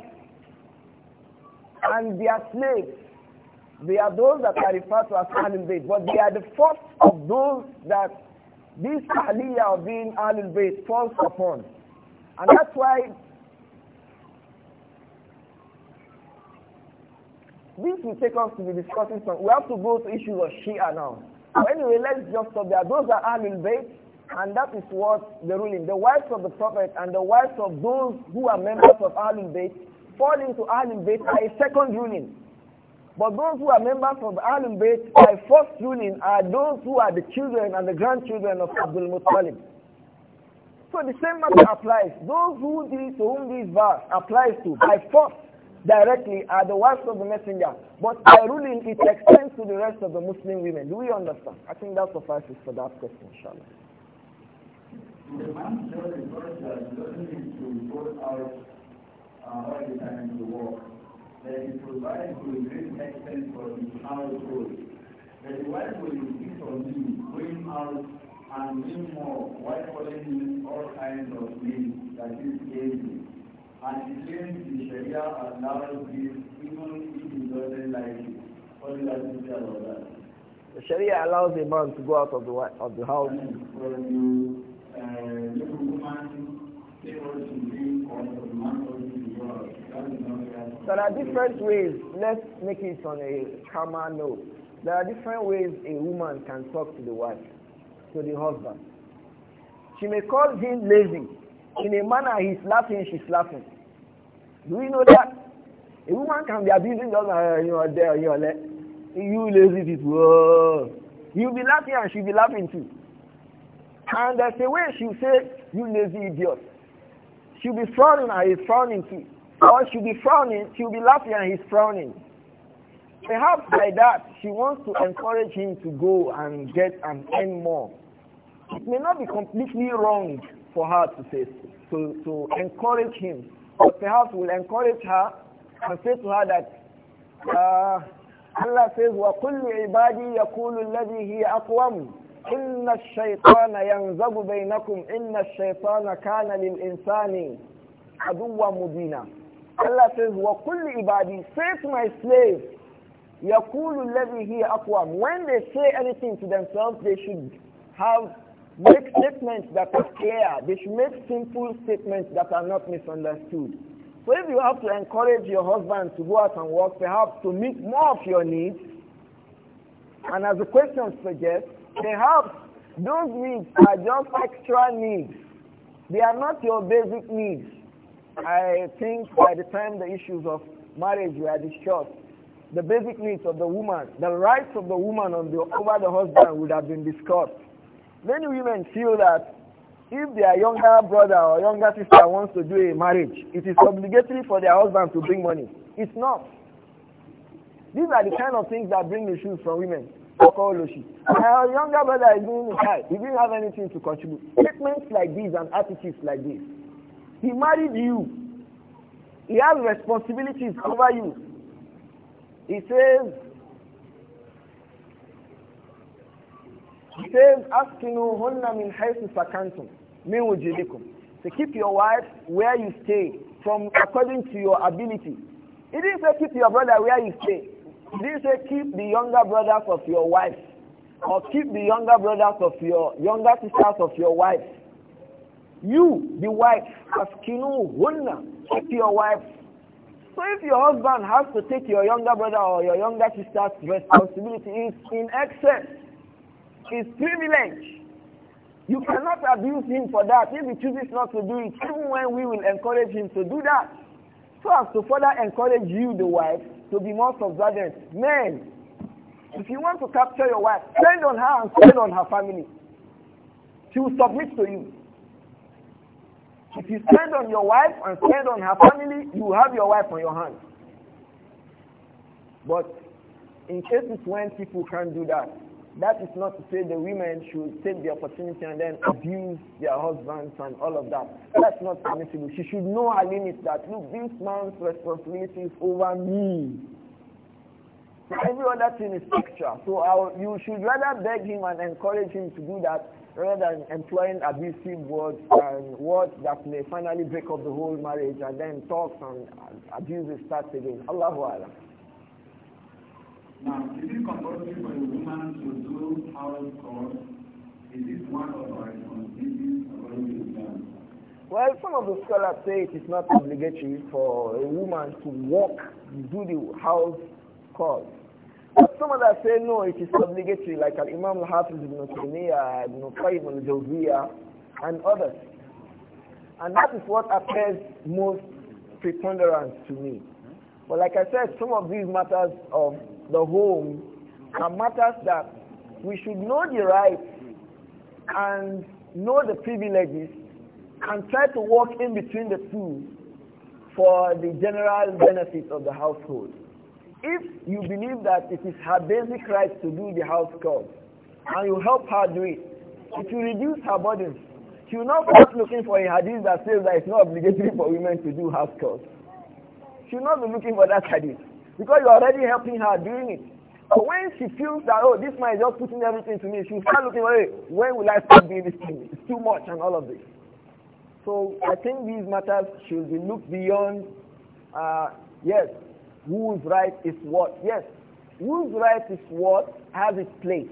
and their slaves, they are those that are referred to as Ahlul Bayt. But they are the first of those that this aliyah of being Ahlul Bayt falls upon. And that's why This will take us to be discussing some. We have to go to issues of Shia now. So anyway, let's just stop there. Those are Ahlul Bayt, and that is what the ruling. The wives of the Prophet and the wives of those who are members of Ahlul Bayt fall into Ahlul Bayt by a second ruling. But those who are members of Ahlul Bayt by first ruling are those who are the children and the grandchildren of Abdul Muttalib. So the same matter applies. Those who this, to whom this verse applies to by first directly are the wives of the messenger. But by ruling, it extends to the rest of the Muslim women. Do we understand? I think that suffices for that question, inshallah. The man shall refer to go out uh, all the time to work, that he provides to a great extent for his household, that the wife will him going out and doing more while all kinds of and claims the Sharia allows this even if he doesn't like it. What do you have that? The Sharia allows a man to go out of the of the house. When you uh, a woman, say what she did, or the man what there are different ways. Let's make it on a calmer note. There are different ways a woman can talk to the wife, to the husband. She may call him lazy. In a manner he's laughing, she's laughing. Do you know that? A woman can be abusing just uh, you are there, you are there. You lazy people. Oh. You'll be laughing and she'll be laughing too. And there's a way she'll say, you lazy idiot. She'll be frowning and he's frowning too. Or she'll be frowning, she'll be laughing and he's frowning. Perhaps by that, she wants to encourage him to go and get and earn more. It may not be completely wrong for her to say so, to, to encourage him but perhaps will encourage her and say to her that uh, Allah says, وَقُلُّ عِبَادِي يَقُولُ الَّذِي هِيَ أَقْوَمُ إِنَّ الشَّيْطَانَ يَنْزَغُ بَيْنَكُمْ إِنَّ الشَّيْطَانَ كَانَ لِلْإِنسَانِ عَدُوًّا مُبِينًا Allah says, وَقُلُّ عِبَادِي Say to my slaves, يَقُولُ الَّذِي هِيَ أَقْوَمُ When they say anything to themselves, they should have Make statements that are clear. They should make simple statements that are not misunderstood. So if you have to encourage your husband to go out and work, perhaps to meet more of your needs, and as the question suggests, perhaps those needs are just extra needs. They are not your basic needs. I think by the time the issues of marriage were discussed, the basic needs of the woman, the rights of the woman the, over the husband would have been discussed. Many women feel that if their younger brother or younger sister wants to do a marriage, it is obligatory for their husband to bring money. It's not. These are the kind of things that bring issues from women. Her younger brother is doing high. He didn't have anything to contribute. Statements like these and attitudes like this. He married you. He has responsibilities over you. He says, He says, Askinuhunna min haythu sakantum min wujidikum. So keep your wife where you stay from according to your ability. He didn't say keep your brother where you stay. He didn't say keep the younger brothers of your wife or keep the younger brothers of your younger sisters of your wife. You, the wife, askinu hunna, keep your wife so if your husband has to take your younger brother or your younger sister's responsibility, it's in excess is privilege. You cannot abuse him for that. If he chooses not to do it, even when we will encourage him to do that, so as to further encourage you, the wife, to be more subservient. Men, if you want to capture your wife, spend on her and spend on her family. She will submit to you. If you spend on your wife and spend on her family, you have your wife on your hands. But in cases when people can't do that, that is not to say the women should take the opportunity and then abuse their husbands and all of that. That's not permissible. She should know her limits that, look, this man's responsibility is over me. every other thing is extra. So I'll, you should rather beg him and encourage him to do that rather than employing abusive words and words that may finally break up the whole marriage and then talks and abuses starts again. Allahu Allah. Now, is it compulsory for a woman to do house chores? Is it one of our responsibilities according to Islam? Well, some of the scholars say it is not obligatory for a woman to walk, do the house calls. But some others say no, it is obligatory, like Al Imam Al Hafiz ibn Taymiyyah, ibn Qayyim al and others. And that is what appears most preponderant to me. But like I said, some of these matters of the home are matters that we should know the rights and know the privileges and try to walk in between the two for the general benefit of the household. If you believe that it is her basic right to do the house chores and you help her do it, it will reduce her burden. She will not start looking for a hadith that says that it's not obligatory for women to do house chores. She will not be looking for that hadith because you're already helping her doing it. But when she feels that, oh, this man is just putting everything to me, she'll start looking, hey, when will I stop doing this thing? It's too much and all of this. So I think these matters should be looked beyond, uh, yes, whose right is what. Yes, whose right is what has its place.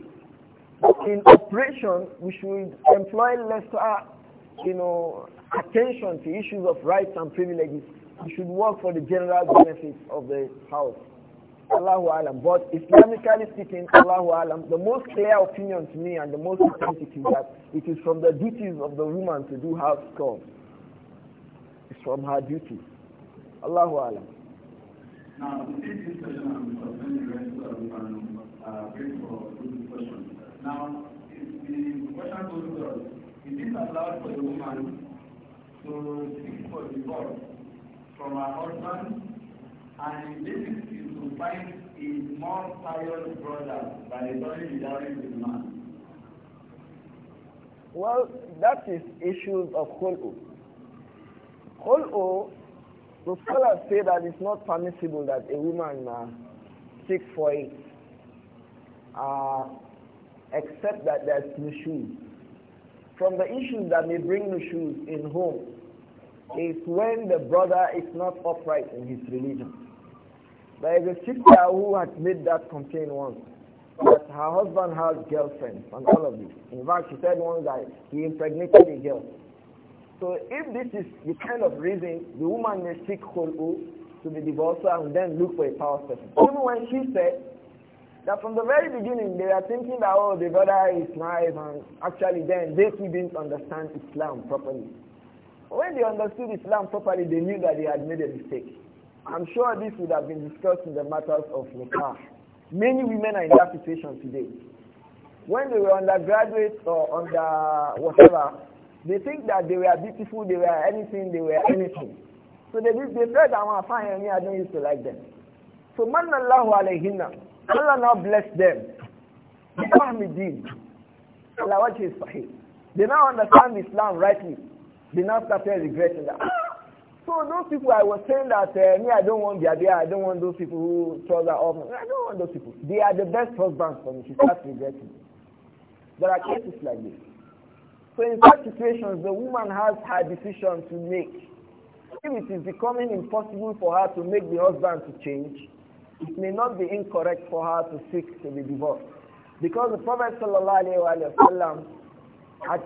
But in operation, we should employ lesser, you know, attention to issues of rights and privileges you should work for the general benefit of the house. Allahu Alam. But Islamically speaking, Allahu Alam, the most clear opinion to me and the most authentic is that it is from the duties of the woman to do house chores. It's from her duty. Allahu Alam. Now, the same question I'm concerned uh, great for good question. Now, the question goes to us, is it allowed for the woman to speak for the from her husband, and this is to find a more pious brother by returning the dowry the man. Well, that is issues of khul'u. Khul'u, the scholars say that it's not permissible that a woman uh, seeks for it, uh, except that there's no shoes. From the issues that may bring no shoes in home, is when the brother is not upright in his religion. There is a sister who had made that complaint once that her husband has girlfriends and all of this. In fact, she said once that he impregnated a girl. So if this is the kind of reason, the woman may seek khul'u to be divorced and then look for a power person. Even when she said that from the very beginning they are thinking that, oh, the brother is naive and actually then they didn't understand Islam properly. When they understood Islam properly, they knew that they had made a mistake. I'm sure this would have been discussed in the matters of nikah. Many women are in that situation today. When they were undergraduates or under whatever, they think that they were beautiful, they were anything, they were anything. So they they felt that I'm fine and I don't used to like them. So man Allahu alayhinna. Allah now bless them. They now understand Islam rightly. They now started regretting that. Ah, so those people I was saying that uh, me I don't want the idea. I don't want those people who that off. I don't want those people. They are the best husbands for me. She starts regretting. There are cases like this. So in such situations, the woman has her decision to make. If it is becoming impossible for her to make the husband to change, it may not be incorrect for her to seek to be divorced. Because the Prophet sallallahu wasallam. Those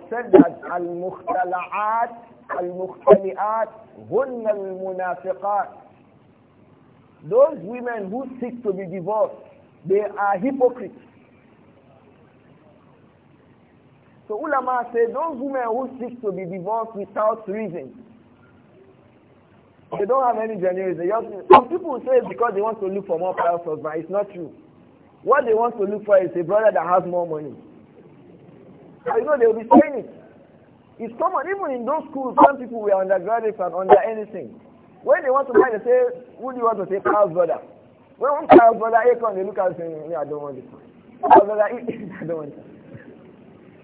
women who seek to be divorced, they are hypocrites. So ulama say those women who seek to be divorced without reason, they don't have any genuine reason. Some people say it's because they want to look for more powerful, but it's not true. What they want to look for is a brother that has more money. I know they'll be saying it. It's common, even in those schools, some people were undergraduates and under anything. When they want to buy, they say, who do you want to say, Carl's brother? When one Carl's brother A comes, they look at him and say, I don't want this one. I brother A, I don't want this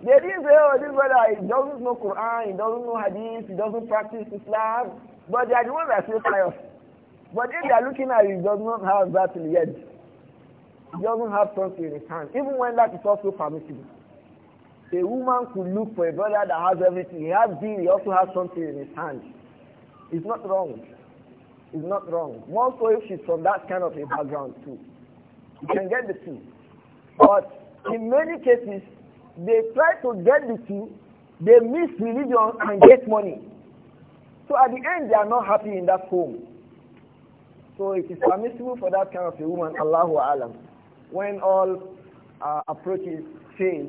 They didn't say, oh, this brother, he doesn't know Quran, he doesn't know Hadith, he doesn't practice Islam, but they are the ones that say pious. But if they are looking at it, he does not have that yet. He doesn't have something in his hand, even when that is also permissible. A woman could look for a brother that has everything. He has deal, he also has something in his hand. It's not wrong. It's not wrong. More so if she's from that kind of a background too. You can get the two. But in many cases, they try to get the two, they miss religion and get money. So at the end, they are not happy in that home. So it is permissible for that kind of a woman, Allahu Alam, when all uh, approaches fail,